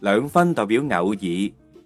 兩分代表偶爾，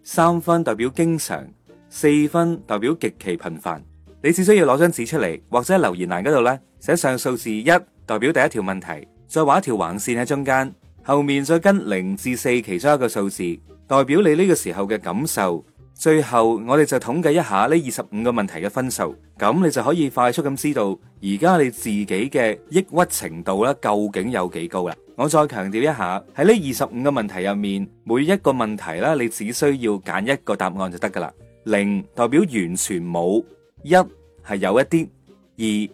三分代表經常，四分代表極其頻繁。你只需要攞張紙出嚟，或者留言欄嗰度咧，寫上數字一，代表第一條問題，再畫一條橫線喺中間，後面再跟零至四其中一個數字，代表你呢個時候嘅感受。最後我哋就統計一下呢二十五個問題嘅分數，咁你就可以快速咁知道而家你自己嘅抑鬱程度啦，究竟有幾高啦？我再強調一下，喺呢二十五個問題入面，每一個問題啦，你只需要揀一個答案就得噶啦。零代表完全冇，一係有一啲，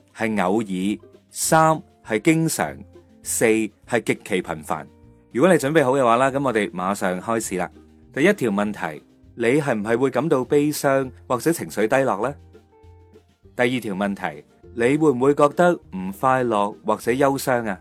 二係偶爾，三係經常，四係極其頻繁。如果你準備好嘅話啦，咁我哋馬上開始啦。第一條問題，你係唔係會感到悲傷或者情緒低落呢？第二條問題，你會唔會覺得唔快樂或者憂傷啊？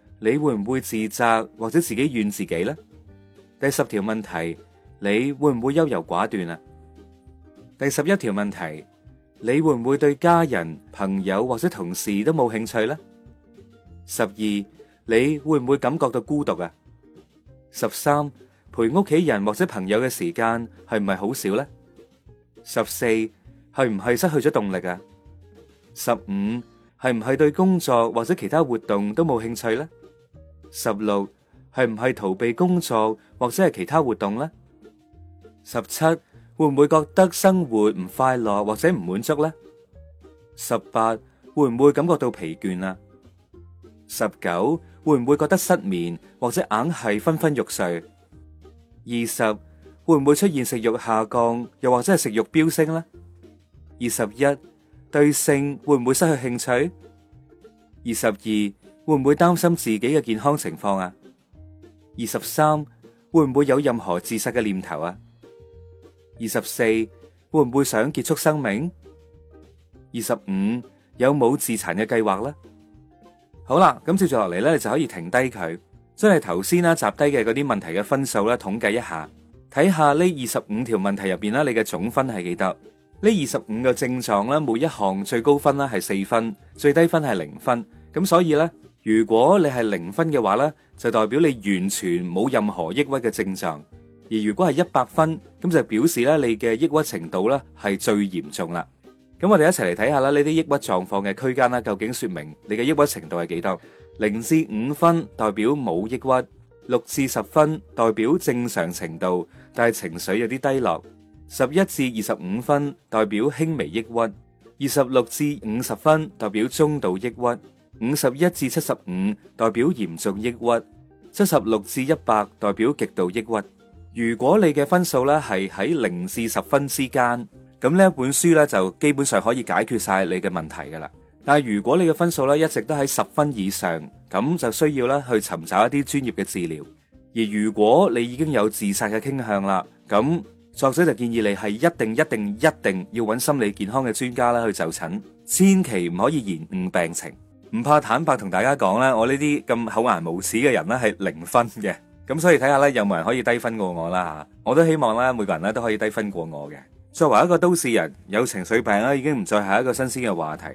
你會唔會自責或者自己怨自己呢？第十條問題，你會唔會優柔寡斷啊？第十一條問題，你會唔會對家人、朋友或者同事都冇興趣呢？十二，你會唔會感覺到孤獨啊？十三，陪屋企人或者朋友嘅時間係唔係好少呢？十四，係唔係失去咗動力啊？十五，係唔係對工作或者其他活動都冇興趣呢？十六，係唔係逃避工作或者係其他活動呢？十七，會唔會覺得生活唔快樂或者唔滿足呢？十八，會唔會感覺到疲倦呀？十九，會唔會覺得失眠或者硬係昏昏欲睡？二十，會唔會出現食欲下降又或者係食欲飆升呢？二十一，對性會唔會失去興趣？二十二，會唔會擔心自己嘅健康情況啊？二十三會唔會有任何自殺嘅念頭啊？二十四會唔會想結束生命？二十五有冇自殘嘅計劃咧？好啦，咁接住落嚟咧，就可以停低佢，將你頭先啦，集低嘅嗰啲問題嘅分數咧，統計一下，睇下呢二十五條問題入邊啦，你嘅總分係幾多？呢二十五個症狀咧，每一項最高分啦係四分，最低分係零分，咁所以咧。如果你係零分嘅話咧，就代表你完全冇任何抑鬱嘅症狀；而如果係一百分，咁就表示咧你嘅抑鬱程度咧係最嚴重啦。咁我哋一齊嚟睇下啦，呢啲抑鬱狀況嘅區間啦，究竟說明你嘅抑鬱程度係幾多？零至五分代表冇抑鬱，六至十分代表正常程度，但係情緒有啲低落；十一至二十五分代表輕微抑鬱，二十六至五十分代表中度抑鬱。五十一至七十五代表嚴重抑鬱，七十六至一百代表極度抑鬱。如果你嘅分數咧係喺零至十分之間，咁呢一本書咧就基本上可以解決晒你嘅問題噶啦。但係如果你嘅分數咧一直都喺十分以上，咁就需要咧去尋找一啲專業嘅治療。而如果你已經有自殺嘅傾向啦，咁作者就建議你係一定、一定、一定要揾心理健康嘅專家啦去就診，千祈唔可以延誤病情。唔怕坦白同大家講啦。我呢啲咁厚顏無恥嘅人咧係零分嘅，咁 所以睇下咧有冇人可以低分過我啦吓，我都希望咧每個人咧都可以低分過我嘅。作為一個都市人，有情緒病咧已經唔再係一個新鮮嘅話題，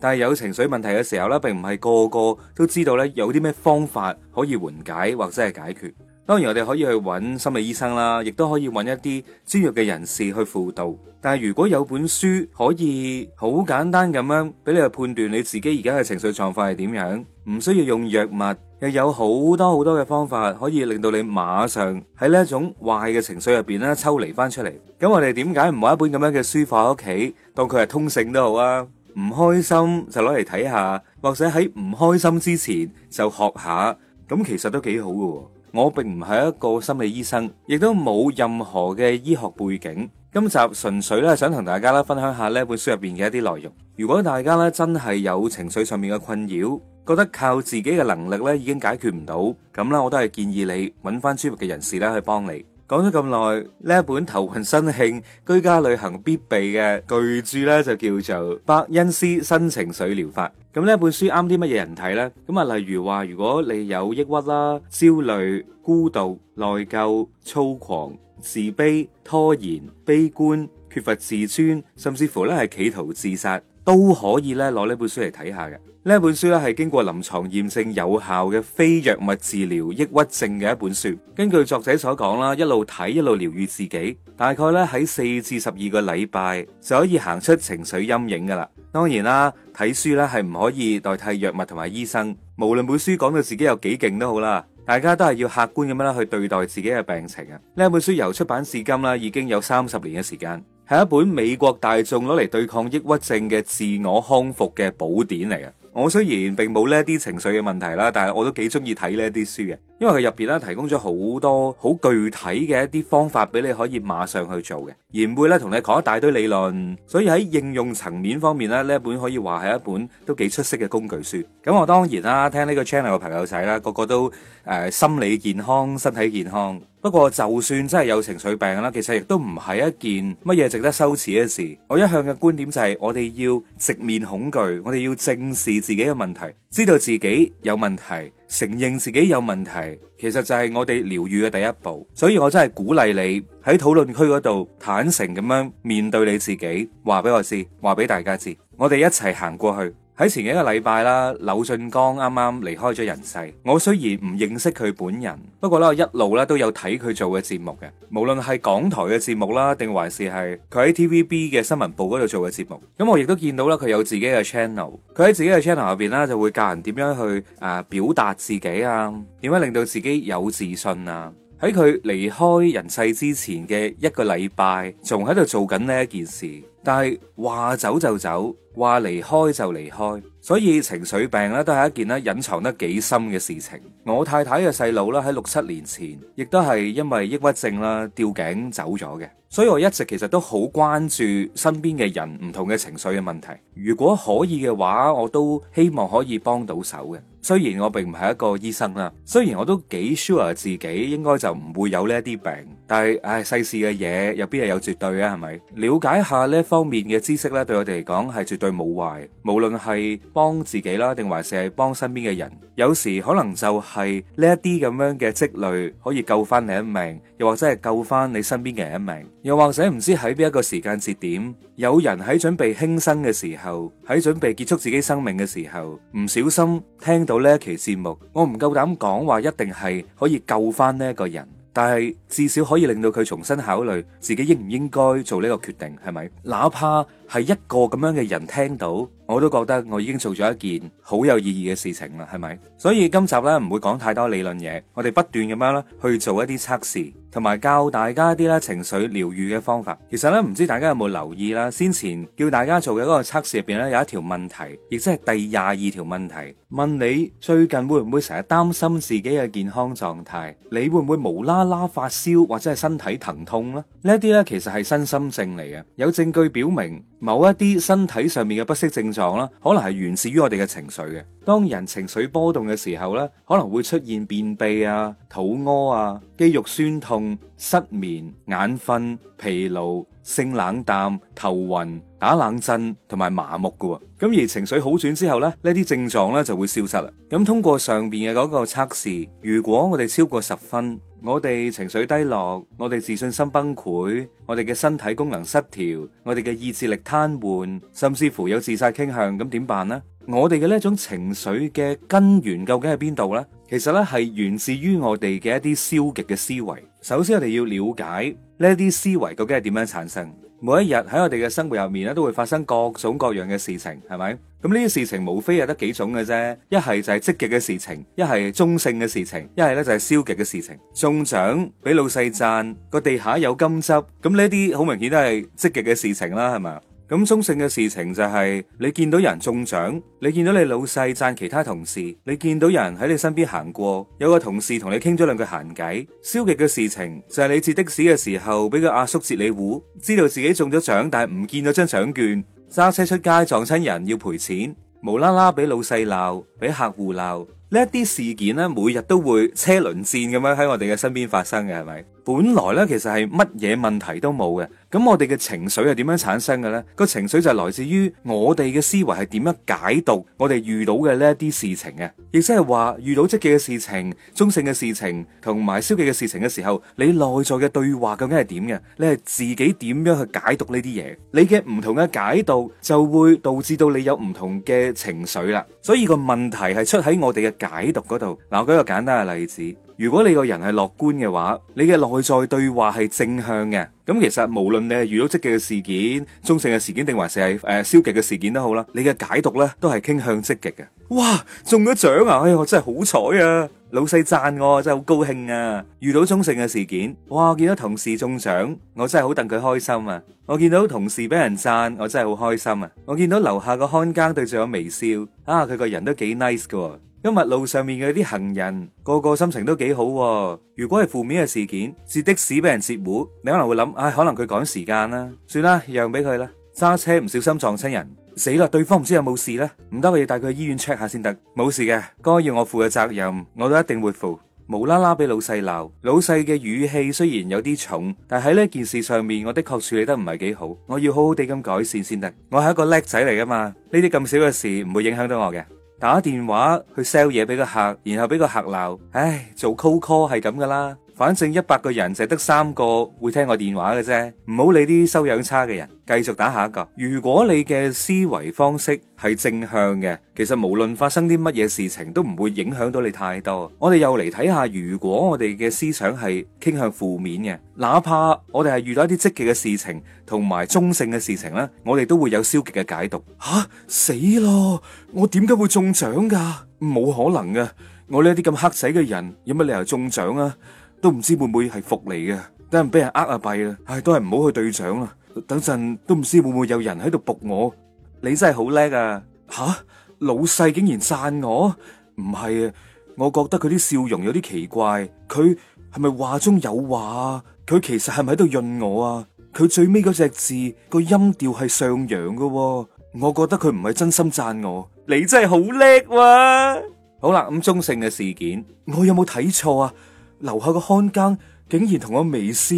但係有情緒問題嘅時候咧，並唔係個個都知道咧有啲咩方法可以緩解或者係解決。當然我哋可以去揾心理醫生啦，亦都可以揾一啲專業嘅人士去輔導。但係如果有本書可以好簡單咁樣俾你去判斷你自己而家嘅情緒狀況係點樣，唔需要用藥物，又有好多好多嘅方法可以令到你馬上喺呢一種壞嘅情緒入邊咧抽離翻出嚟。咁我哋點解唔買一本咁樣嘅書放喺屋企，當佢係通勝都好啊？唔開心就攞嚟睇下，或者喺唔開心之前就學下，咁其實都幾好嘅。我並唔係一個心理醫生，亦都冇任何嘅醫學背景。今集純粹咧，想同大家咧分享下呢本書入邊嘅一啲內容。如果大家咧真係有情緒上面嘅困擾，覺得靠自己嘅能力咧已經解決唔到，咁咧我都係建議你揾翻專業嘅人士咧去幫你。講咗咁耐，呢一本頭暈身興、居家旅行必備嘅巨著呢，就叫做《伯恩斯新情緒療法》。咁呢本書啱啲乜嘢人睇呢？咁啊，例如話如果你有抑鬱啦、焦慮、孤獨、內疚、粗狂、自卑、拖延、悲觀、缺乏自尊，甚至乎呢係企圖自殺。都可以咧攞呢本書嚟睇下嘅，呢本書咧係經過臨床驗證有效嘅非藥物治療抑鬱症嘅一本書。根據作者所講啦，一路睇一路療愈自己，大概咧喺四至十二個禮拜就可以行出情緒陰影噶啦。當然啦，睇書咧係唔可以代替藥物同埋醫生，無論本書講到自己有幾勁都好啦，大家都係要客觀咁樣去對待自己嘅病情啊。呢本書由出版至今啦，已經有三十年嘅時間。係一本美國大眾攞嚟對抗抑鬱症嘅自我康復嘅寶典嚟嘅。我雖然並冇呢啲情緒嘅問題啦，但係我都幾中意睇呢啲書嘅，因為佢入邊咧提供咗好多好具體嘅一啲方法俾你可以馬上去做嘅，而唔會咧同你講一大堆理論。所以喺應用層面方面咧，呢一本可以話係一本都幾出色嘅工具書。咁我當然啦，聽呢個 channel 嘅朋友仔啦，個個都誒、呃、心理健康、身體健康。不過就算真係有情緒病啦，其實亦都唔係一件乜嘢值得羞恥嘅事。我一向嘅觀點就係，我哋要直面恐懼，我哋要正視自己嘅問題，知道自己有問題，承認自己有問題，其實就係我哋療愈嘅第一步。所以我真係鼓勵你喺討論區嗰度坦誠咁樣面對你自己，話俾我知，話俾大家知，我哋一齊行過去。喺前幾個禮拜啦，柳俊江啱啱離開咗人世。我雖然唔認識佢本人，不過咧我一路咧都有睇佢做嘅節目嘅，無論係港台嘅節目啦，定還是係佢喺 TVB 嘅新聞部嗰度做嘅節目。咁我亦都見到啦，佢有自己嘅 channel，佢喺自己嘅 channel 入邊咧就會教人點樣去啊表達自己啊，點樣令到自己有自信啊。喺佢離開人世之前嘅一個禮拜，仲喺度做緊呢一件事，但係話走就走，話離開就離開，所以情緒病咧都係一件咧隱藏得幾深嘅事情。我太太嘅細佬咧喺六七年前，亦都係因為抑鬱症啦吊頸走咗嘅，所以我一直其實都好關注身邊嘅人唔同嘅情緒嘅問題。如果可以嘅話，我都希望可以幫到手嘅。雖然我並唔係一個醫生啦，雖然我都幾 sure 自己應該就唔會有呢啲病。但係，唉，世事嘅嘢又邊係有絕對啊？係咪？了解下呢一方面嘅知識呢，對我哋嚟講係絕對冇壞。無論係幫自己啦，定還是係幫身邊嘅人，有時可能就係呢一啲咁樣嘅積累，可以救翻你一命，又或者係救翻你身邊嘅人一命。又或者唔知喺邊一個時間節點，有人喺準備輕生嘅時候，喺準備結束自己生命嘅時候，唔小心聽到呢一期節目，我唔夠膽講話，一定係可以救翻呢一個人。但係至少可以令到佢重新考慮自己應唔應該做呢個決定，係咪？哪怕，係一個咁樣嘅人聽到，我都覺得我已經做咗一件好有意義嘅事情啦，係咪？所以今集呢，唔會講太多理論嘢，我哋不斷咁樣咧去做一啲測試，同埋教大家啲咧情緒療愈嘅方法。其實呢，唔知大家有冇留意啦，先前叫大家做嘅嗰個測試入邊呢，有一條問題，亦即係第廿二條問題，問你最近會唔會成日擔心自己嘅健康狀態？你會唔會無啦啦發燒或者係身體疼痛呢？呢啲呢，其實係身心症嚟嘅，有證據表明。某一啲身體上面嘅不適症狀啦，可能係源自於我哋嘅情緒嘅。當人情緒波動嘅時候咧，可能會出現便秘啊、肚屙啊、肌肉酸痛、失眠、眼瞓、疲勞、性冷淡、頭暈、打冷震同埋麻木嘅。咁而情緒好轉之後咧，呢啲症狀咧就會消失啦。咁通過上面嘅嗰個測試，如果我哋超過十分，我哋情緒低落，我哋自信心崩潰，我哋嘅身體功能失調，我哋嘅意志力癱瘓，甚至乎有自殺傾向，咁點辦呢？我哋嘅呢一種情緒嘅根源究竟喺邊度呢？其實呢係源自於我哋嘅一啲消極嘅思維。首先，我哋要了解呢啲思維究竟係點樣產生。每一日喺我哋嘅生活入面咧，都會發生各種各樣嘅事情，係咪？咁呢啲事情無非又得幾種嘅啫，一係就係積極嘅事情，一係中性嘅事情，一係咧就係消極嘅事情。中獎俾老細讚，個地下有金執，咁呢啲好明顯都係積極嘅事情啦，係咪？咁中性嘅事情就係你見到人中獎，你見到你老細讚其他同事，你見到人喺你身邊行過，有個同事同你傾咗兩句閒偈。消極嘅事情就係你截的士嘅時候俾個阿叔截你糊，知道自己中咗獎但係唔見咗張獎券，揸車出街撞親人要賠錢，無啦啦俾老細鬧，俾客戶鬧，呢一啲事件呢，每日都會車輪戰咁樣喺我哋嘅身邊發生嘅，係咪？本來呢，其實係乜嘢問題都冇嘅。咁我哋嘅情緒係點樣產生嘅呢？個情緒就係來自於我哋嘅思維係點樣解讀我哋遇到嘅呢一啲事情嘅，亦即係話遇到積極嘅事情、中性嘅事情同埋消極嘅事情嘅時候，你內在嘅對話究竟係點嘅？你係自己點樣去解讀呢啲嘢？你嘅唔同嘅解讀就會導致到你有唔同嘅情緒啦。所以個問題係出喺我哋嘅解讀嗰度。嗱，我舉一個簡單嘅例子。如果你個人係樂觀嘅話，你嘅內在對話係正向嘅。咁、嗯、其實無論你係遇到積極嘅事件、中性嘅事件，定還是係誒、呃、消極嘅事件都好啦。你嘅解讀呢都係傾向積極嘅。哇，中咗獎啊！哎呀、啊，我真係好彩啊！老細讚我，我真係好高興啊！遇到中性嘅事件，哇，我見到同事中獎，我真係好戥佢開心啊！我見到同事俾人讚，我真係好開心啊！我見到樓下個看更對住我微笑，啊，佢個人都幾 nice 噶、啊。今日路上面嘅啲行人個個心情都幾好喎。如果係負面嘅事件，截的士俾人截胡，你可能會諗：唉，可能佢趕時間啦，算啦，讓俾佢啦。揸車唔小心撞親人，死啦！對方唔知有冇事咧，唔得，我要帶佢去醫院 check 下先得。冇事嘅，該要我負嘅責任，我都一定會負。無啦啦俾老細鬧，老細嘅語氣雖然有啲重，但喺呢件事上面，我的確處理得唔係幾好。我要好好地咁改善先得。我係一個叻仔嚟噶嘛，呢啲咁少嘅事唔會影響到我嘅。打電話去 sell 嘢俾個客，然後俾個客鬧，唉，做 call call 係咁噶啦。反正一百個人就係得三個會聽我電話嘅啫，唔好理啲修養差嘅人，繼續打下一個。如果你嘅思維方式係正向嘅，其實無論發生啲乜嘢事情都唔會影響到你太多。我哋又嚟睇下，如果我哋嘅思想係傾向負面嘅，哪怕我哋係遇到一啲積極嘅事情同埋中性嘅事情啦，我哋都會有消極嘅解讀。吓，死咯！我點解會中獎㗎？冇可能嘅，我呢啲咁黑仔嘅人有乜理由中獎啊？都唔知會唔會係伏嚟嘅，等陣俾人呃啊，弊啦。唉、哎，都係唔好去對獎啦。等陣都唔知會唔會有人喺度伏我。你真係好叻啊！吓、啊、老細竟然讚我，唔係啊？我覺得佢啲笑容有啲奇怪，佢係咪話中有話？佢其實係咪喺度潤我啊？佢最尾嗰隻字、個音調係上揚噶、啊，我覺得佢唔係真心讚我。你真係好叻哇、啊！好啦，咁中性嘅事件，我有冇睇錯啊？樓下個看更竟然同我微笑，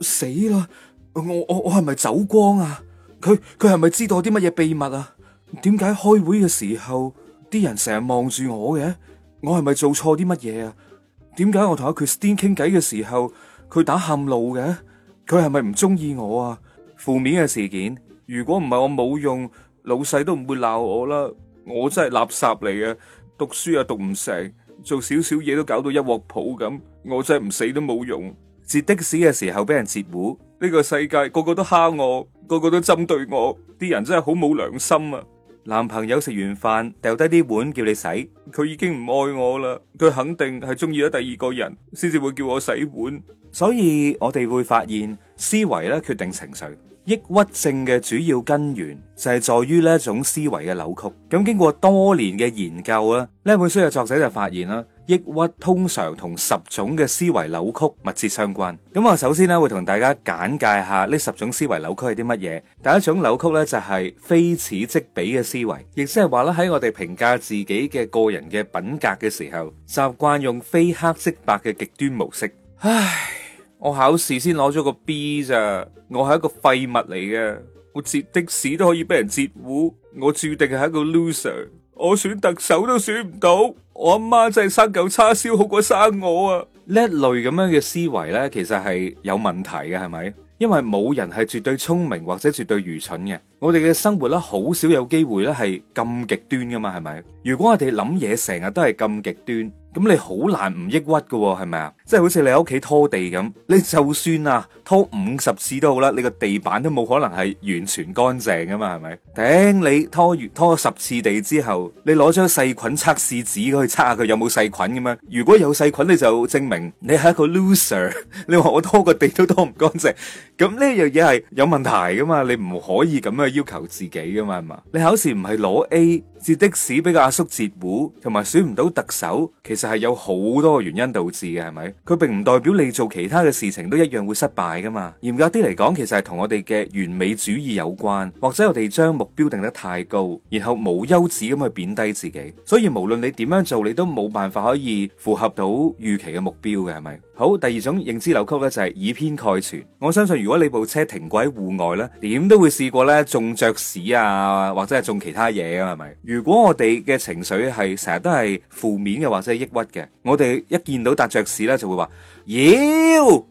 死啦！我我我係咪走光啊？佢佢係咪知道我啲乜嘢秘密啊？點解開會嘅時候啲人成日望住我嘅？我係咪做錯啲乜嘢啊？點解我同阿 Kristin 傾偈嘅時候佢打喊路嘅？佢係咪唔中意我啊？負面嘅事件，如果唔係我冇用，老細都唔會鬧我啦。我真係垃圾嚟嘅，讀書又、啊、讀唔成。做少少嘢，都搞到一鑊泡咁，我真係唔死都冇用。截的士嘅時候俾人截胡，呢個世界個個都蝦我，個個都針對我，啲人真係好冇良心啊！男朋友食完飯掉低啲碗叫你洗，佢已經唔愛我啦，佢肯定係中意咗第二個人，先至會叫我洗碗。所以我哋會發現，思維咧決定情緒。抑鬱症嘅主要根源就係在於呢一種思維嘅扭曲。咁經過多年嘅研究啦，呢本書嘅作者就發現啦，抑鬱通常同十種嘅思維扭曲密切相關。咁我首先咧會同大家簡介下呢十種思維扭曲係啲乜嘢。第一種扭曲咧就係非此即彼嘅思維，亦即係話咧喺我哋評價自己嘅個人嘅品格嘅時候，習慣用非黑即白嘅極端模式。唉。我考試先攞咗個 B 咋，我係一個廢物嚟嘅，我截的士都可以俾人截胡，我注定係一個 loser，我選特首都選唔到，我阿媽真係生嚿叉燒好過生我啊！呢類咁樣嘅思維呢，其實係有問題嘅，係咪？因為冇人係絕對聰明或者絕對愚蠢嘅，我哋嘅生活呢，好少有機會呢係咁極端噶嘛，係咪？如果我哋諗嘢成日都係咁極端，咁你好難唔抑鬱噶喎，係咪啊？即係好似你喺屋企拖地咁，你就算啊拖五十次都好啦，你個地板都冇可能係完全乾淨噶嘛，係咪？頂你拖完拖十次地之後，你攞張細菌測試紙去測下佢有冇細菌咁樣，如果有細菌，你就證明你係一個 loser。你話我拖、地拖 個地都拖唔乾淨，咁呢樣嘢係有問題噶嘛？你唔可以咁樣要求自己噶嘛，係嘛？你考試唔係攞 A。接的士俾個阿叔截胡，同埋選唔到特首，其實係有好多原因導致嘅，係咪？佢並唔代表你做其他嘅事情都一樣會失敗噶嘛？嚴格啲嚟講，其實係同我哋嘅完美主義有關，或者我哋將目標定得太高，然後無休止咁去貶低自己，所以無論你點樣做，你都冇辦法可以符合到預期嘅目標嘅，係咪？好，第二種認知扭曲咧就係、是、以偏概全。我相信如果你部車停過喺戶外咧，點都會試過咧中雀屎啊，或者係中其他嘢噶、啊，係咪？如果我哋嘅情緒係成日都係負面嘅或者係抑鬱嘅，我哋一見到笪雀屎咧就會話，妖，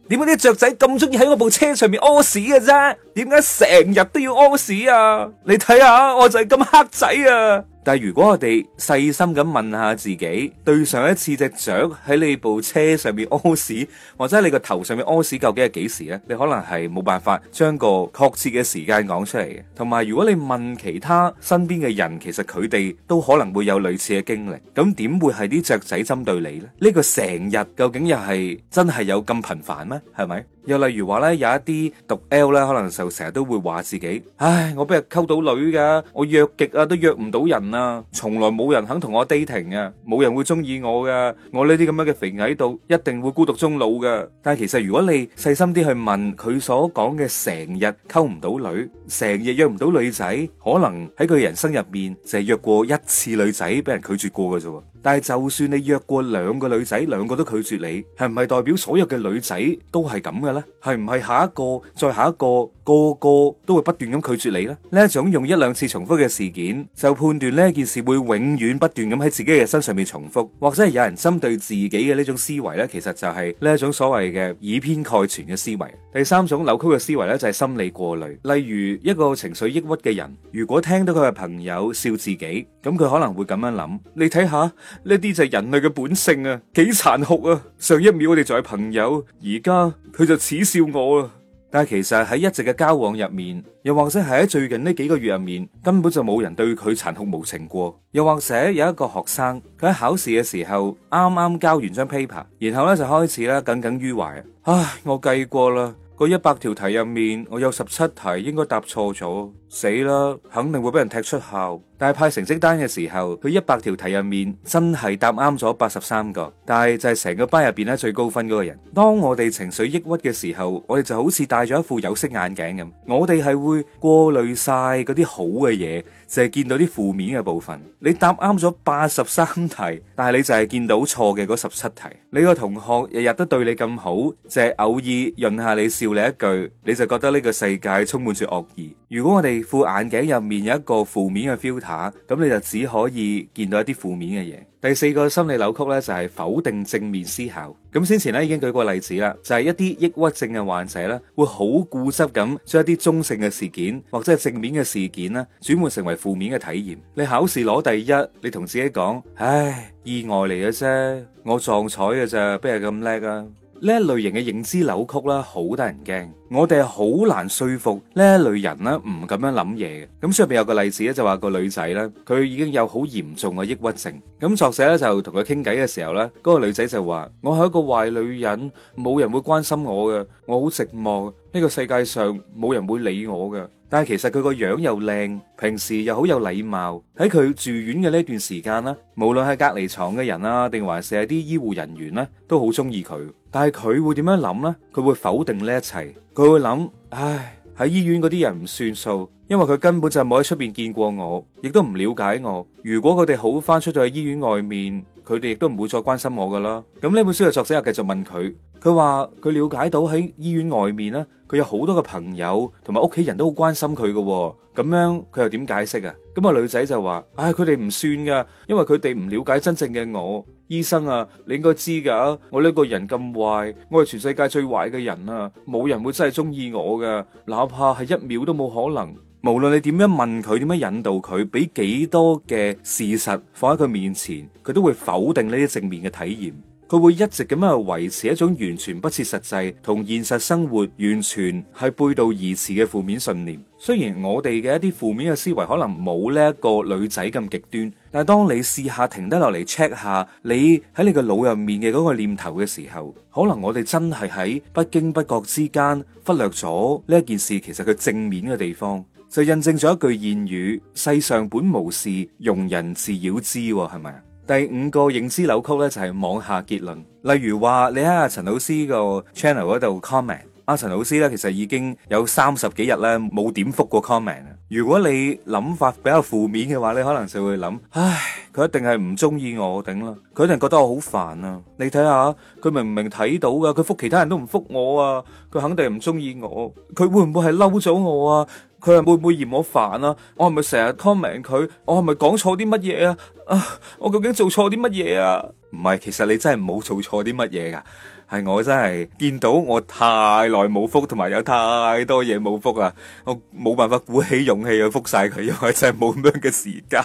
點解啲雀仔咁中意喺我部車上面屙屎嘅、啊、啫？點解成日都要屙屎啊？你睇下，我就係咁黑仔啊！但係如果我哋細心咁問下自己，對上一次隻雀喺你部車上面屙屎，或者你個頭上面屙屎，究竟係幾時呢？你可能係冇辦法將個確切嘅時間講出嚟嘅。同埋，如果你問其他身邊嘅人，其實佢哋都可能會有類似嘅經歷。咁點會係啲雀仔針對你呢？呢個成日究竟又係真係有咁頻繁咩？係咪？又例如話咧，有一啲讀 L 咧，可能就成日都會話自己：唉，我邊日溝到女㗎？我約極啊，都約唔到人啊！從來冇人肯同我 dating 啊，冇人會中意我㗎。我呢啲咁樣嘅肥矮度，一定會孤獨終老㗎。但係其實，如果你細心啲去問佢所講嘅，成日溝唔到女，成日約唔到女仔，可能喺佢人生入面，就係約過一次女仔俾人拒絕過㗎啫喎。但係，就算你約過兩個女仔，兩個都拒絕你，係唔係代表所有嘅女仔都係咁嘅呢？係唔係下一個再下一個個個都會不斷咁拒絕你呢？呢一種用一兩次重複嘅事件就判斷呢件事會永遠不斷咁喺自己嘅身上面重複，或者係有人針對自己嘅呢種思維呢，其實就係呢一種所謂嘅以偏概全嘅思維。第三種扭曲嘅思維呢，就係心理過濾。例如一個情緒抑鬱嘅人，如果聽到佢嘅朋友笑自己，咁佢可能會咁樣諗：你睇下。呢啲就係人類嘅本性啊，幾殘酷啊！上一秒我哋就係朋友，而家佢就恥笑我啊！但係其實喺一直嘅交往入面，又或者係喺最近呢幾個月入面，根本就冇人對佢殘酷無情過。又或者有一個學生，佢喺考試嘅時候啱啱交完張 paper，然後咧就開始啦耿耿於懷啊！唉，我計過啦，個一百條題入面，我有十七題應該答錯咗，死啦！肯定會俾人踢出校。大派成績單嘅時候，佢一百條題入面真係答啱咗八十三個，但係就係成個班入邊咧最高分嗰個人。當我哋情緒抑鬱嘅時候，我哋就好似戴咗一副有色眼鏡咁，我哋係會過濾晒嗰啲好嘅嘢，淨係見到啲負面嘅部分。你答啱咗八十三題，但係你就係見到錯嘅嗰十七題。你個同學日日都對你咁好，淨係偶爾潤下你，笑你一句，你就覺得呢個世界充滿住惡意。如果我哋副眼鏡入面有一個負面嘅 filter 咁你就只可以見到一啲負面嘅嘢。第四個心理扭曲咧就係否定正面思考。咁先前咧已經舉過例子啦，就係一啲抑鬱症嘅患者咧會好固執咁將一啲中性嘅事件或者係正面嘅事件咧轉換成為負面嘅體驗。你考試攞第一，你同自己講：唉，意外嚟嘅啫，我撞彩嘅啫，邊係咁叻啊！呢一類型嘅認知扭曲啦，好得人驚。我哋好難説服呢一類人咧，唔咁樣諗嘢嘅。咁書入邊有個例子咧，就話個女仔咧，佢已經有好嚴重嘅抑鬱症。咁作者咧就同佢傾偈嘅時候咧，嗰個女仔就話：我係一個壞女人，冇人會關心我嘅，我好寂寞，呢個世界上冇人會理我嘅。但係其實佢個樣又靚，平時又好有禮貌。喺佢住院嘅呢段時間啦，無論係隔離床嘅人啊，定還是係啲醫護人員咧，都好中意佢。但係佢會點樣諗呢？佢會否定呢一切。佢會諗：唉，喺醫院嗰啲人唔算數。因為佢根本就冇喺出邊見過我，亦都唔了解我。如果佢哋好翻出到去醫院外面，佢哋亦都唔會再關心我噶啦。咁呢本書嘅作者又繼續問佢，佢話佢了解到喺醫院外面呢，佢有好多嘅朋友同埋屋企人都好關心佢噶。咁樣佢又點解釋啊？咁個女仔就話：唉，佢哋唔算噶，因為佢哋唔了解真正嘅我。醫生啊，你應該知噶，我呢個人咁壞，我係全世界最壞嘅人啊，冇人會真係中意我噶，哪怕係一秒都冇可能。無論你點樣問佢，點樣引導佢，俾幾多嘅事實放喺佢面前，佢都會否定呢啲正面嘅體驗。佢會一直咁樣去維持一種完全不切實際同現實生活完全係背道而馳嘅負面信念。雖然我哋嘅一啲負面嘅思維可能冇呢一個女仔咁極端，但係當你試下停低落嚟 check 下你喺你個腦入面嘅嗰個念頭嘅時候，可能我哋真係喺不經不覺之間忽略咗呢一件事，其實佢正面嘅地方。就印證咗一句諺語：世上本無事，庸人自擾之。哦，係咪啊？第五個認知扭曲咧，就係、是、妄下結論。例如話你喺阿陳老師個 channel 嗰度 comment，阿陳老師咧其實已經有三十幾日咧冇點覆過 comment 啦。如果你諗法比較負面嘅話，你可能就會諗：唉，佢一定係唔中意我頂啦，佢一定覺得我好煩啊。你睇下佢明唔明睇到噶？佢覆其他人都唔覆我啊，佢肯定唔中意我。佢會唔會係嬲咗我啊？佢係會唔會嫌我煩啊？我係咪成日 comment 佢？我係咪講錯啲乜嘢啊？啊！我究竟做錯啲乜嘢啊？唔係，其實你真係冇做錯啲乜嘢噶。係我真係見到我太耐冇覆，同埋有太多嘢冇覆啊！我冇辦法鼓起勇氣去覆晒佢，因為真係冇咁樣嘅時間。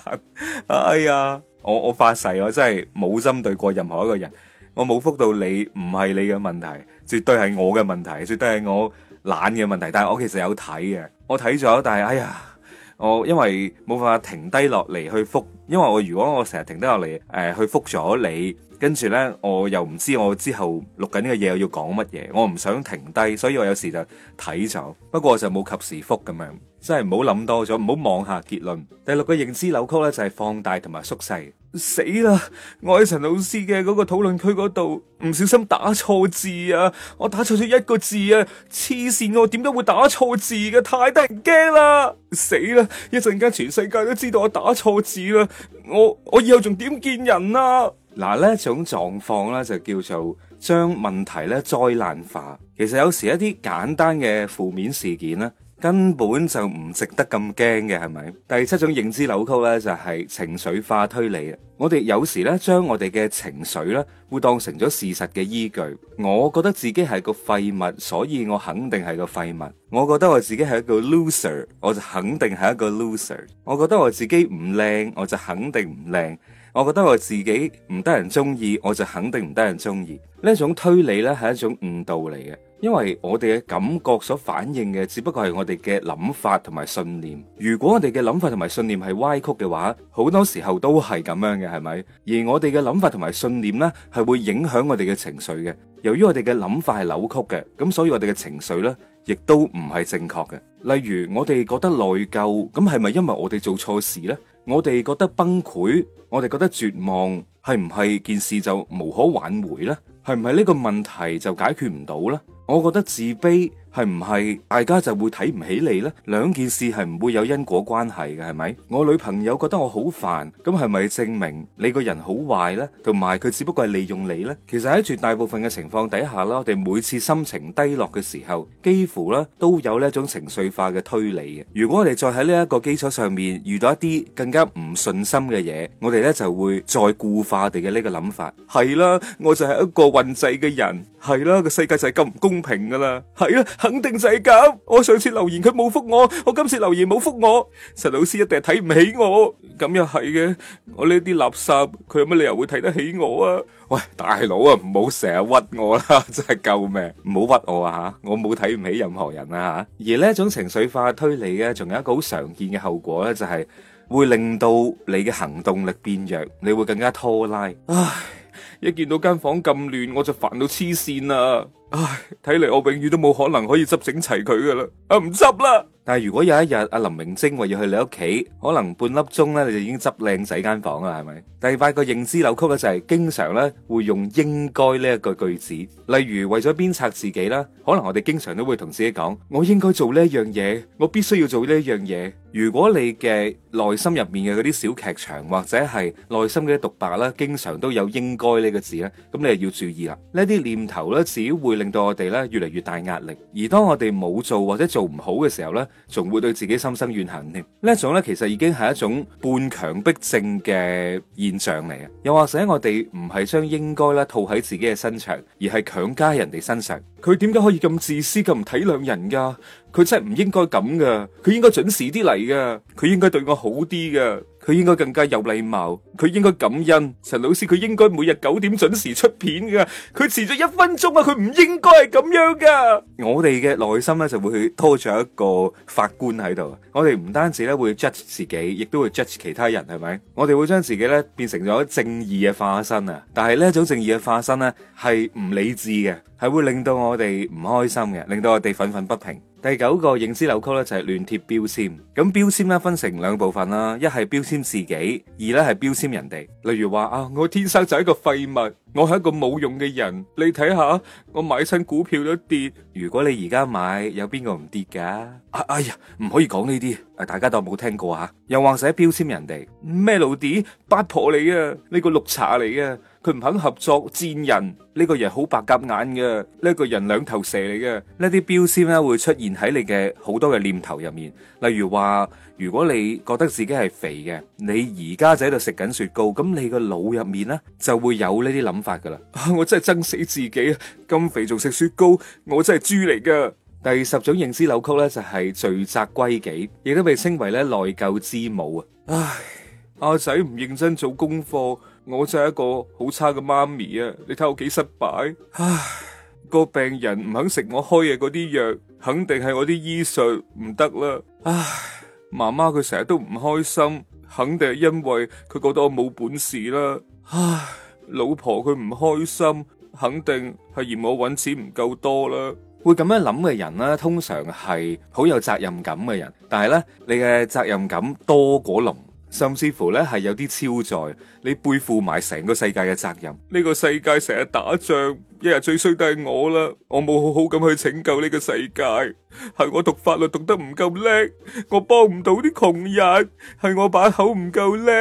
哎呀，我我發誓，我真係冇針對過任何一個人。我冇覆到你，唔係你嘅問題，絕對係我嘅問題，絕對係我懶嘅問題。但係我其實有睇嘅。我睇咗，但係，哎呀，我因為冇辦法停低落嚟去覆。因為我如果我成日停低落嚟，誒、呃、去覆咗你，跟住呢，我又唔知我之後錄緊呢個嘢我要講乜嘢，我唔想停低，所以我有時就睇咗，不過我就冇及時覆咁樣，真係唔好諗多咗，唔好妄下結論。第六個認知扭曲呢，就係、是、放大同埋縮細。死啦！我喺陳老師嘅嗰個討論區嗰度唔小心打錯字啊！我打錯咗一個字啊！黐線我點都會打錯字嘅？太得人驚啦！死啦！一陣間全世界都知道我打錯字啦！我我以後仲點見人啊？嗱，呢種狀況呢，就叫做將問題呢，災難化。其實有時一啲簡單嘅負面事件呢。根本就唔值得咁驚嘅，係咪？第七種認知扭曲咧，就係情緒化推理啊！我哋有時咧，將我哋嘅情緒咧，會當成咗事實嘅依據。我覺得自己係個廢物，所以我肯定係個廢物。我覺得我自己係一個 loser，我就肯定係一個 loser。我覺得我自己唔靚，我就肯定唔靚。我覺得我自己唔得人中意，我就肯定唔得人中意。呢一種推理咧，係一種誤導嚟嘅。因為我哋嘅感覺所反映嘅，只不過係我哋嘅諗法同埋信念。如果我哋嘅諗法同埋信念係歪曲嘅話，好多時候都係咁樣嘅，係咪？而我哋嘅諗法同埋信念呢，係會影響我哋嘅情緒嘅。由於我哋嘅諗法係扭曲嘅，咁所以我哋嘅情緒呢，亦都唔係正確嘅。例如我哋覺得內疚，咁係咪因為我哋做錯事呢？我哋覺得崩潰，我哋覺得絕望，係唔係件事就無可挽回呢？係唔係呢個問題就解決唔到呢？我覺得自卑。係唔係大家就會睇唔起你呢？兩件事係唔會有因果關係嘅，係咪？我女朋友覺得我好煩，咁係咪證明你個人好壞呢？同埋佢只不過係利用你呢。其實喺絕大部分嘅情況底下啦，我哋每次心情低落嘅時候，幾乎咧都有呢一種情緒化嘅推理嘅。如果我哋再喺呢一個基礎上面遇到一啲更加唔信心嘅嘢，我哋咧就會再固化我哋嘅呢個諗法。係啦，我就係一個混滯嘅人。係啦，個世界就係咁唔公平噶啦。係啊。肯定就係咁，我上次留言佢冇復我，我今次留言冇復我，陳老 C 一定係睇唔起我，咁又係嘅，我呢啲垃圾，佢有乜理由會睇得起我啊？喂，大佬啊，唔好成日屈我啦，真係救命，唔好屈我啊，我冇睇唔起任何人啊。而呢一種情緒化推理啊，仲有一個好常見嘅後果呢，就係會令到你嘅行動力變弱，你會更加拖拉。唉，一見到間房咁亂，我就煩到黐線啦。唉，睇嚟，我永遠都冇可能可以執整齊佢噶啦，阿唔執啦。但係如果有一日阿林明晶話要去你屋企，可能半粒鐘咧，你就已經執靚仔間房啦，係咪？第八個認知扭曲咧就係經常咧會用應該呢一個句子，例如為咗鞭策自己啦，可能我哋經常都會同自己講，我應該做呢一樣嘢，我必須要做呢一樣嘢。如果你嘅內心入面嘅嗰啲小劇場或者係內心嘅啲獨白啦，經常都有應該呢個字咧，咁你就要注意啦。呢一啲念頭咧只會。令到我哋咧越嚟越大壓力，而當我哋冇做或者做唔好嘅時候呢，仲會對自己心生怨恨添。呢一種咧，其實已經係一種半強迫症嘅現象嚟啊！又或者我哋唔係將應該咧套喺自己嘅身上，而係強加人哋身上。佢點解可以咁自私、咁唔體諒人噶？佢真係唔應該咁噶，佢應該準時啲嚟噶，佢應該對我好啲噶。佢應該更加有禮貌，佢應該感恩陳老 C，佢應該每日九點準時出片噶，佢遲咗一分鐘啊，佢唔應該係咁樣噶。我哋嘅內心咧就會去拖住一個法官喺度，我哋唔單止咧會 judge 自己，亦都會 judge 其他人，係咪？我哋會將自己咧變成咗正義嘅化身啊，但係呢一種正義嘅化身咧係唔理智嘅，係會令到我哋唔開心嘅，令到我哋憤憤不平。第九個認知扭曲咧就係亂貼標籤，咁標籤咧分成兩部分啦，一係標籤自己，二咧係標籤人哋。例如話啊，我天生就係一個廢物，我係一個冇用嘅人。你睇下我買親股票都跌，如果你而家買，有邊個唔跌噶？哎呀，唔可以講呢啲，大家都冇聽過吓。又或者標籤人哋咩老迪八婆嚟啊，呢個綠茶嚟啊。佢唔肯合作，賤人。呢個人好白鴿眼嘅，呢個人兩頭蛇嚟嘅。呢啲標籤咧會出現喺你嘅好多嘅念頭入面。例如話，如果你覺得自己係肥嘅，你而家就喺度食緊雪糕，咁你個腦入面咧就會有呢啲諗法噶啦。我真係憎死自己，咁肥仲食雪糕，我真係豬嚟噶。第十種認知扭曲咧就係罪責歸己，亦都被稱為咧內疚之母啊！唉，阿仔唔認真做功課。我就係一個好差嘅媽咪啊！你睇我幾失敗，唉！個病人唔肯食我開嘅嗰啲藥，肯定係我啲醫術唔得啦，唉！媽媽佢成日都唔開心，肯定係因為佢覺得我冇本事啦，唉！老婆佢唔開心，肯定係嫌我搵錢唔夠多啦。會咁樣諗嘅人咧，通常係好有責任感嘅人，但係呢，你嘅責任感多過濃。甚至乎咧，係有啲超載，你背負埋成個世界嘅責任。呢個世界成日打仗。一日最衰都係我啦，我冇好好咁去拯救呢個世界，係我讀法律讀得唔夠叻，我幫唔到啲窮人，係我把口唔夠叻，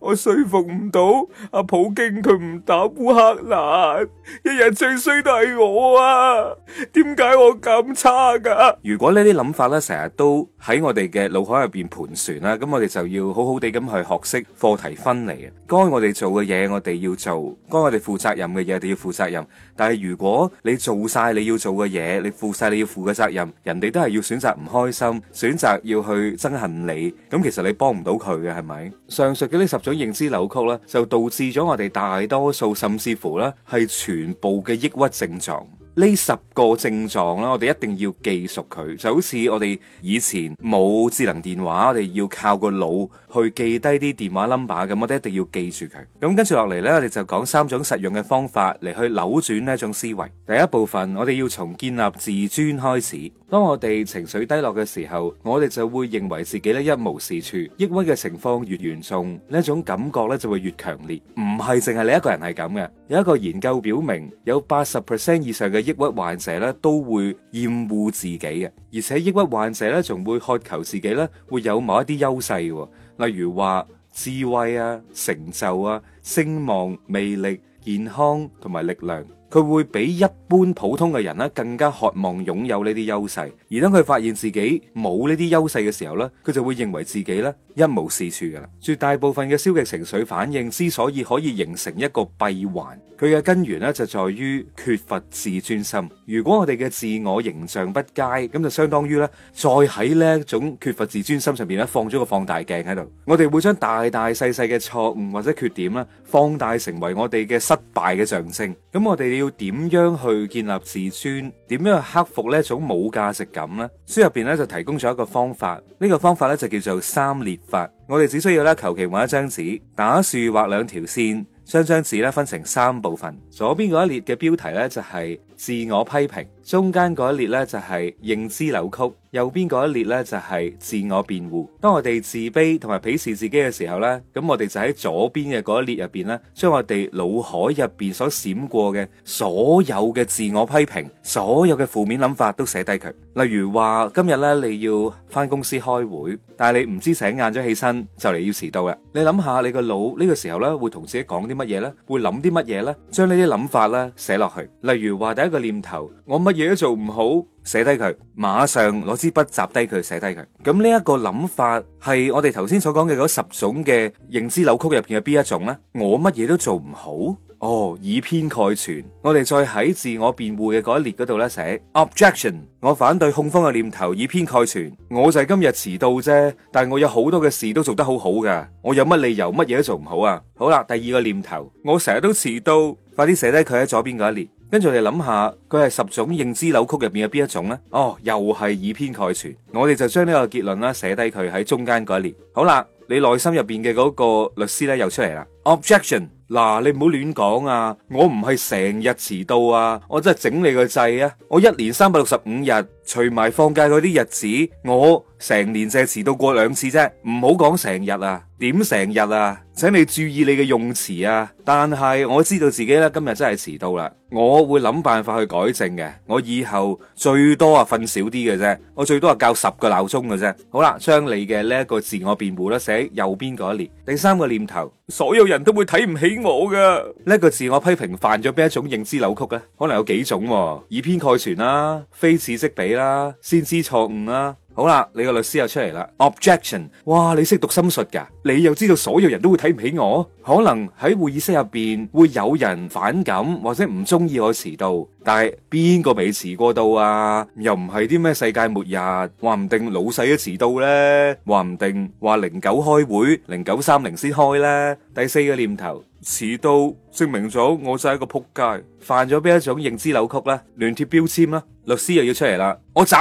我說服唔到阿普京佢唔打烏克蘭，一日最衰都係我啊！點解我咁差噶？如果呢啲諗法咧，成日都喺我哋嘅腦海入邊盤旋啦，咁我哋就要好好地咁去學識課題分離啊！該我哋做嘅嘢我哋要做，該我哋負責任嘅嘢我哋要負責任。但係如果你做晒你要做嘅嘢，你負晒你要負嘅責任，人哋都係要選擇唔開心，選擇要去憎恨你。咁其實你幫唔到佢嘅，係咪？上述嘅呢十種認知扭曲咧，就導致咗我哋大多數，甚至乎咧係全部嘅抑鬱症狀。呢十個症狀啦，我哋一定要記熟佢，就好似我哋以前冇智能電話，我哋要靠個腦去記低啲電話 number 咁，我哋一定要記住佢。咁跟住落嚟呢，我哋就講三種實用嘅方法嚟去扭轉呢種思維。第一部分，我哋要從建立自尊開始。當我哋情緒低落嘅時候，我哋就會認為自己咧一無是處。抑鬱嘅情況越嚴重，呢種感覺咧就會越強烈。唔係淨係你一個人係咁嘅，有一個研究表明，有八十 percent 以上嘅抑鬱患者咧都會厭惡自己嘅，而且抑鬱患者咧仲會渴求自己咧會有某一啲優勢，例如話智慧啊、成就啊、聲望、魅力、健康同埋力量。佢會比一般普通嘅人咧更加渴望擁有呢啲優勢，而當佢發現自己冇呢啲優勢嘅時候，呢佢就會認為自己呢一無是處嘅啦。絕大部分嘅消極情緒反應之所以可以形成一個閉環，佢嘅根源呢就在於缺乏自尊心。如果我哋嘅自我形象不佳，咁就相當於呢再喺呢一種缺乏自尊心上面呢放咗個放大鏡喺度，我哋會將大大細細嘅錯誤或者缺點呢放大成為我哋嘅失敗嘅象徵。咁我哋，要點樣去建立自尊？點樣去克服呢一種冇價值感呢？書入邊咧就提供咗一個方法，呢個方法咧就叫做三列法。我哋只需要咧求其畫一張紙，打豎畫兩條線，將張紙咧分成三部分。左邊嗰一列嘅標題咧就係自我批評。中間嗰一列咧就係認知扭曲，右邊嗰一列咧就係自我辯護。當我哋自卑同埋鄙視自己嘅時候咧，咁我哋就喺左邊嘅嗰一列入邊咧，將我哋腦海入邊所閃過嘅所有嘅自我批評，所有嘅負面諗法都寫低佢。例如話今日咧你要返公司開會，但係你唔知醒晏咗起身就嚟，要遲到啦。你諗下你個腦呢個時候咧會同自己講啲乜嘢咧？會諗啲乜嘢咧？將呢啲諗法咧寫落去。例如話第一個念頭，我乜？嘢都做唔好，寫低佢，馬上攞支筆扎低佢，寫低佢。咁呢一個諗法係我哋頭先所講嘅嗰十種嘅認知扭曲入邊嘅邊一種呢？我乜嘢都做唔好，哦，以偏概全。我哋再喺自我辯護嘅嗰一列嗰度咧寫 objection，我反對控方嘅念頭，以偏概全。我就係今日遲到啫，但我有好多嘅事都做得好好噶，我有乜理由乜嘢都做唔好啊？好啦，第二個念頭，我成日都遲到，快啲寫低佢喺左邊嗰一列。跟住我哋諗下，佢係十種認知扭曲入邊嘅邊一種呢？哦，又係以偏概全。我哋就將呢個結論啦，寫低佢喺中間嗰一列。好啦，你內心入邊嘅嗰個律師咧，又出嚟啦。objection，嗱，你唔好亂講啊！我唔係成日遲到啊！我真係整你個掣啊！我一年三百六十五日，除埋放假嗰啲日子，我成年淨係遲到過兩次啫。唔好講成日啊，點成日啊？請你注意你嘅用詞啊！但係我知道自己咧，今日真係遲到啦。我會諗辦法去改正嘅。我以後最多啊瞓少啲嘅啫，我最多啊校十個鬧鐘嘅啫。好啦，將你嘅呢一個自我辯護咧，寫喺右邊嗰一列。第三個念頭，所有人都會睇唔起我噶。呢一個自我批評犯咗邊一種認知扭曲咧？可能有幾種、啊，以偏概全啦、啊，非此即彼啦、啊，先知錯誤啦、啊。好啦，你個律師又出嚟啦。Objection！哇，你識讀心術噶？你又知道所有人都會睇唔起我？可能喺會議室入邊會有人反感或者唔中意我遲到。但係邊個未遲過到啊？又唔係啲咩世界末日？話唔定老細都遲到呢？話唔定話零九開會，零九三零先開呢？第四個念頭。遲到證明咗我就係一個撲街，犯咗邊一種認知扭曲咧？亂貼標籤啦，律師又要出嚟啦，我閘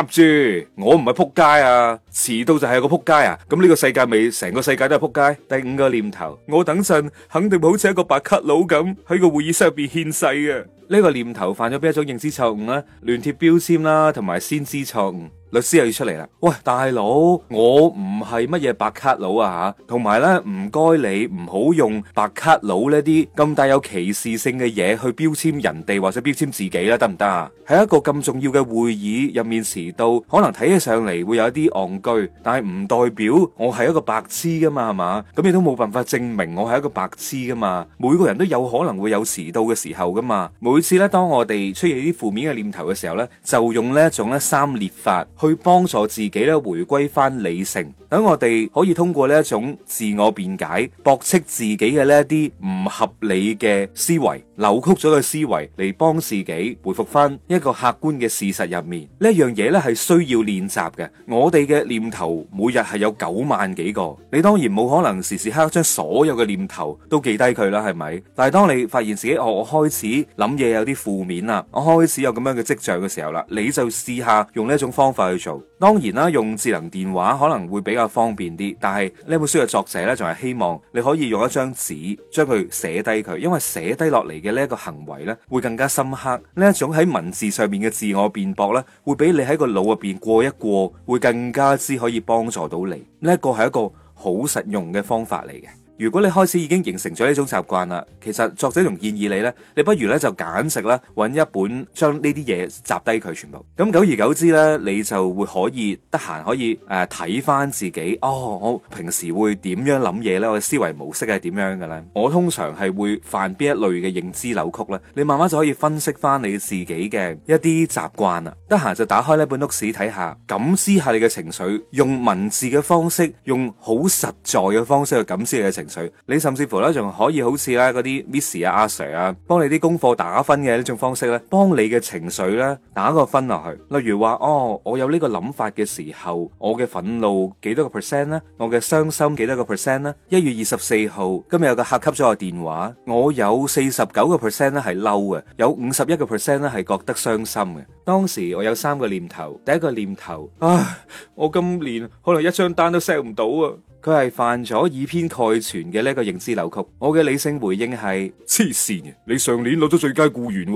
住，我唔係撲街啊！遲到就係個撲街啊！咁呢個世界未，成個世界都係撲街。第五個念頭，我等陣肯定好似一個白乞佬咁喺個會議室入邊獻世啊。呢個念頭犯咗邊一種認知錯誤咧？亂貼標籤啦，同埋先知錯誤。律師又要出嚟啦！喂，大佬，我唔係乜嘢白卡佬啊，同埋呢，唔該你唔好用白卡佬呢啲咁帶有歧視性嘅嘢去標籤人哋或者標籤自己啦，得唔得啊？喺一個咁重要嘅會議入面遲到，可能睇起上嚟會有一啲戇居，但係唔代表我係一個白痴噶嘛，係嘛？咁亦都冇辦法證明我係一個白痴噶嘛。每個人都有可能會有遲到嘅時候噶嘛。每次呢，當我哋出現啲負面嘅念頭嘅時候呢，就用呢一種咧三列法，去幫助自己咧回歸翻理性，等我哋可以通過呢一種自我辯解，駁斥自己嘅呢一啲唔合理嘅思維、扭曲咗個思維，嚟幫自己回復翻一個客觀嘅事實入面。呢一樣嘢咧係需要練習嘅。我哋嘅念頭每日係有九萬幾個，你當然冇可能時時刻刻將所有嘅念頭都記低佢啦，係咪？但係當你發現自己哦，我開始諗嘢有啲負面啦，我開始有咁樣嘅跡象嘅時候啦，你就試下用呢一種方法。做當然啦，用智能電話可能會比較方便啲，但係呢本書嘅作者呢，仲係希望你可以用一張紙將佢寫低佢，因為寫低落嚟嘅呢一個行為呢，會更加深刻。呢一種喺文字上面嘅自我辯駁呢，會比你喺個腦入邊過一過，會更加之可以幫助到你。呢一個係一個好實用嘅方法嚟嘅。如果你開始已經形成咗呢種習慣啦，其實作者仲建議你呢：你不如呢，就揀直啦，揾一本將呢啲嘢集低佢全部。咁久而久之呢，你就會可以得閒可以誒睇翻自己。哦，我平時會點樣諗嘢呢？我嘅思維模式係點樣嘅呢？我通常係會犯邊一類嘅認知扭曲呢？你慢慢就可以分析翻你自己嘅一啲習慣啦。得閒就打開呢本屋 o 睇下，感知下你嘅情緒，用文字嘅方式，用好實在嘅方式去感知你嘅情，你甚至乎咧，仲可以好似咧嗰啲 Miss 啊、阿 Sir 啊，幫你啲功課打分嘅呢種方式咧，幫你嘅情緒咧打個分落去。例如話哦，我有呢個諗法嘅時候，我嘅憤怒幾多個 percent 咧，我嘅傷心幾多個 percent 咧。一月二十四號今日有個客給咗我電話，我有四十九個 percent 咧係嬲嘅，有五十一個 percent 咧係覺得傷心嘅。當時我有三個念頭，第一個念頭，唉，我今年可能一張單都 sell 唔到啊。佢係犯咗以偏概全嘅呢一個認知扭曲。我嘅理性回應係：黐線，你上年攞咗最佳僱員，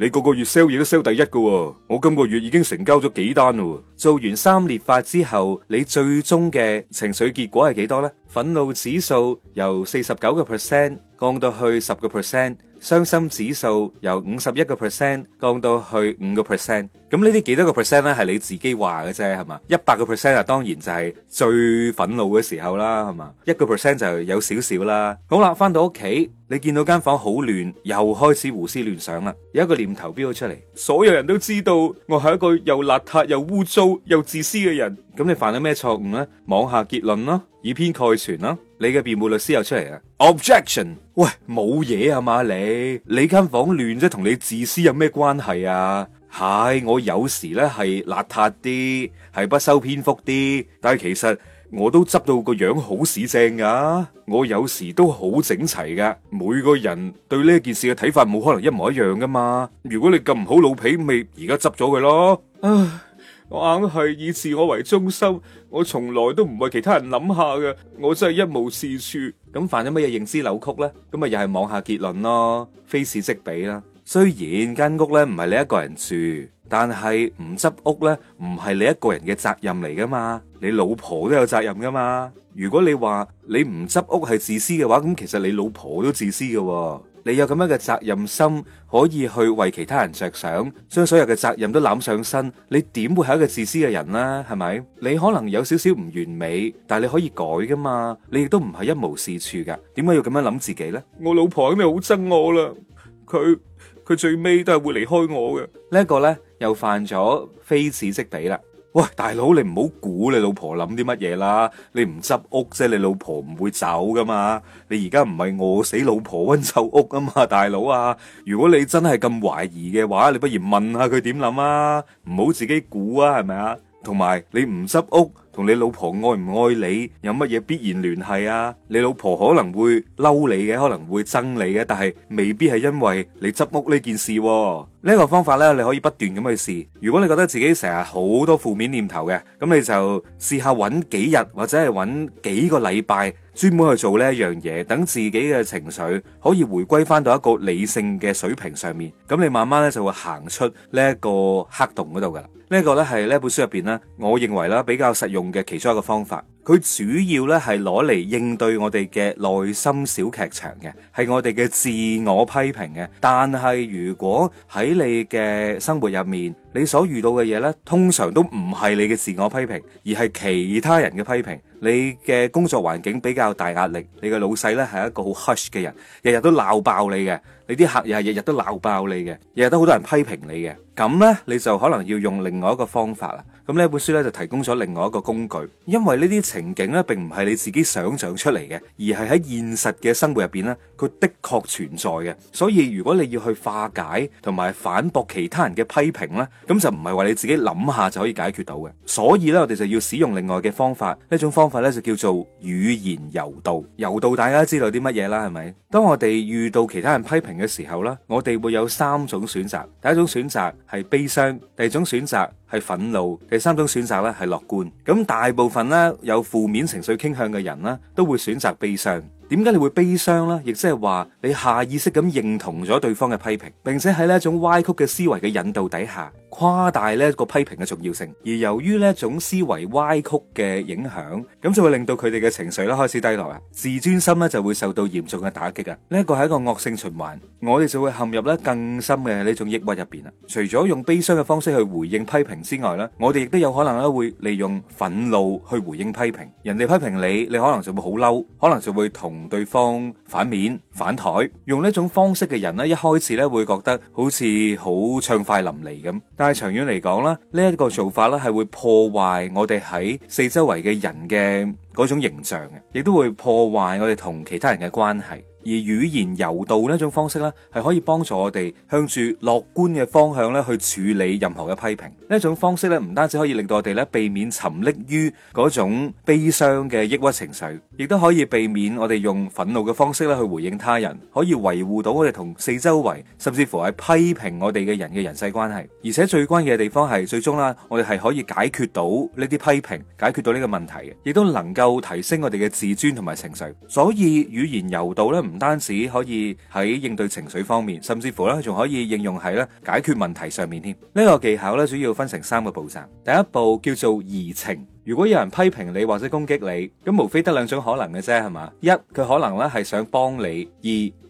你個個月 sell 嘢都 sell 第一噶。我今個月已經成交咗幾單咯。做完三列法之後，你最終嘅情緒結果係幾多呢？憤怒指數由四十九個 percent 降到去十個 percent。傷心指數由五十一個 percent 降到去五個 percent，咁呢啲幾多個 percent 咧？係你自己話嘅啫，係嘛？一百個 percent 啊，當然就係最憤怒嘅時候啦，係嘛？一個 percent 就有少少啦。好啦，返到屋企。你見到間房好亂，又開始胡思亂想啦。有一個念頭飆咗出嚟，所有人都知道我係一個又邋遢又污糟又自私嘅人。咁你犯咗咩錯誤呢？妄下結論啦，以偏概全啦。你嘅辯護律師又出嚟啊？Objection！喂，冇嘢啊嘛你，你間房亂即係同你自私有咩關係啊？係我有時呢係邋遢啲，係不修邊幅啲，但係其實。我都執到個樣好屎正噶，我有時都好整齊噶。每個人對呢一件事嘅睇法冇可能一模一樣噶嘛。如果你咁唔好老脾，咪而家執咗佢咯。唉，我硬係以自我為中心，我從來都唔為其他人諗下噶。我真係一無是處。咁犯咗乜嘢認知扭曲呢？咁咪又係妄下結論咯，非此即彼啦。雖然間屋呢唔係你一個人住，但係唔執屋呢唔係你一個人嘅責任嚟噶嘛。你老婆都有責任噶嘛？如果你話你唔執屋係自私嘅話，咁其實你老婆都自私嘅。你有咁樣嘅責任心，可以去為其他人着想，將所有嘅責任都攬上身，你點會係一個自私嘅人呢？係咪？你可能有少少唔完美，但係你可以改噶嘛？你亦都唔係一無是處噶。點解要咁樣諗自己呢？我老婆肯定好憎我啦，佢佢最尾都係會離開我嘅。呢一個呢又犯咗非此即彼啦。喂，大佬，你唔好估你老婆諗啲乜嘢啦，你唔執屋啫，你老婆唔會走㗎嘛，你而家唔係餓死老婆溫臭屋啊嘛，大佬啊，如果你真係咁懷疑嘅話，你不如問下佢點諗啊，唔好自己估啊，係咪啊？同埋你唔執屋，同你老婆愛唔愛你有乜嘢必然聯繫啊？你老婆可能會嬲你嘅，可能會憎你嘅，但係未必係因為你執屋呢件事，啊。呢、呢個方法呢，你可以不斷咁去試。如果你覺得自己成日好多負面念頭嘅，咁你就試下揾幾日或者係揾幾個禮拜。專門去做呢一樣嘢，等自己嘅情緒可以回歸翻到一個理性嘅水平上面，咁你慢慢咧就會行出呢一個黑洞嗰度噶啦。呢一個咧係呢本書入邊咧，我認為咧比較實用嘅其中一個方法。佢主要咧係攞嚟應對我哋嘅內心小劇場嘅，係我哋嘅自我批評嘅。但係如果喺你嘅生活入面，你所遇到嘅嘢咧，通常都唔係你嘅自我批評，而係其他人嘅批評。你嘅工作環境比較大壓力，你嘅老細呢係一個好 hush 嘅人，日日都鬧爆你嘅，你啲客又係日日都鬧爆你嘅，日日都好多人批評你嘅。咁呢，你就可能要用另外一個方法啦。咁呢本書呢，就提供咗另外一個工具，因為呢啲情景呢，並唔係你自己想象出嚟嘅，而係喺現實嘅生活入邊呢，佢的確存在嘅。所以如果你要去化解同埋反駁其他人嘅批評呢，咁就唔係話你自己諗下就可以解決到嘅。所以呢，我哋就要使用另外嘅方法，呢種方法呢，就叫做語言柔道。柔道大家都知道啲乜嘢啦？係咪？當我哋遇到其他人批評嘅時候呢，我哋會有三種選擇。第一種選擇。係悲傷，第二種選擇係憤怒，第三種選擇咧係樂觀。咁大部分咧有負面情緒傾向嘅人呢，都會選擇悲傷。點解你會悲傷呢？亦即係話你下意識咁認同咗對方嘅批評，並且喺呢一種歪曲嘅思維嘅引導底下。誇大呢一個批評嘅重要性，而由於呢一種思維歪曲嘅影響，咁就會令到佢哋嘅情緒咧開始低落啊，自尊心咧就會受到嚴重嘅打擊啊！呢一個係一個惡性循環，我哋就會陷入咧更深嘅呢種抑鬱入邊啦。除咗用悲傷嘅方式去回應批評之外呢，我哋亦都有可能咧會利用憤怒去回應批評。人哋批評你，你可能就會好嬲，可能就會同對方反面反台，用呢種方式嘅人呢，一開始呢會覺得好似好暢快淋漓咁。但係長遠嚟講咧，呢一個做法咧係會破壞我哋喺四周圍嘅人嘅嗰種形象嘅，亦都會破壞我哋同其他人嘅關係。而語言柔道呢一種方式咧，係可以幫助我哋向住樂觀嘅方向咧去處理任何嘅批評。呢一種方式咧，唔單止可以令到我哋咧避免沉溺於嗰種悲傷嘅抑鬱情緒，亦都可以避免我哋用憤怒嘅方式咧去回應他人，可以維護到我哋同四周圍，甚至乎係批評我哋嘅人嘅人際關係。而且最關鍵嘅地方係，最終啦，我哋係可以解決到呢啲批評，解決到呢個問題嘅，亦都能夠提升我哋嘅自尊同埋情緒。所以語言柔道咧，唔。單止可以喺應對情緒方面，甚至乎咧仲可以應用喺咧解決問題上面添。呢個技巧咧，主要分成三個步驟。第一步叫做移情。如果有人批評你或者攻擊你，咁無非得兩種可能嘅啫，係嘛？一，佢可能咧係想幫你，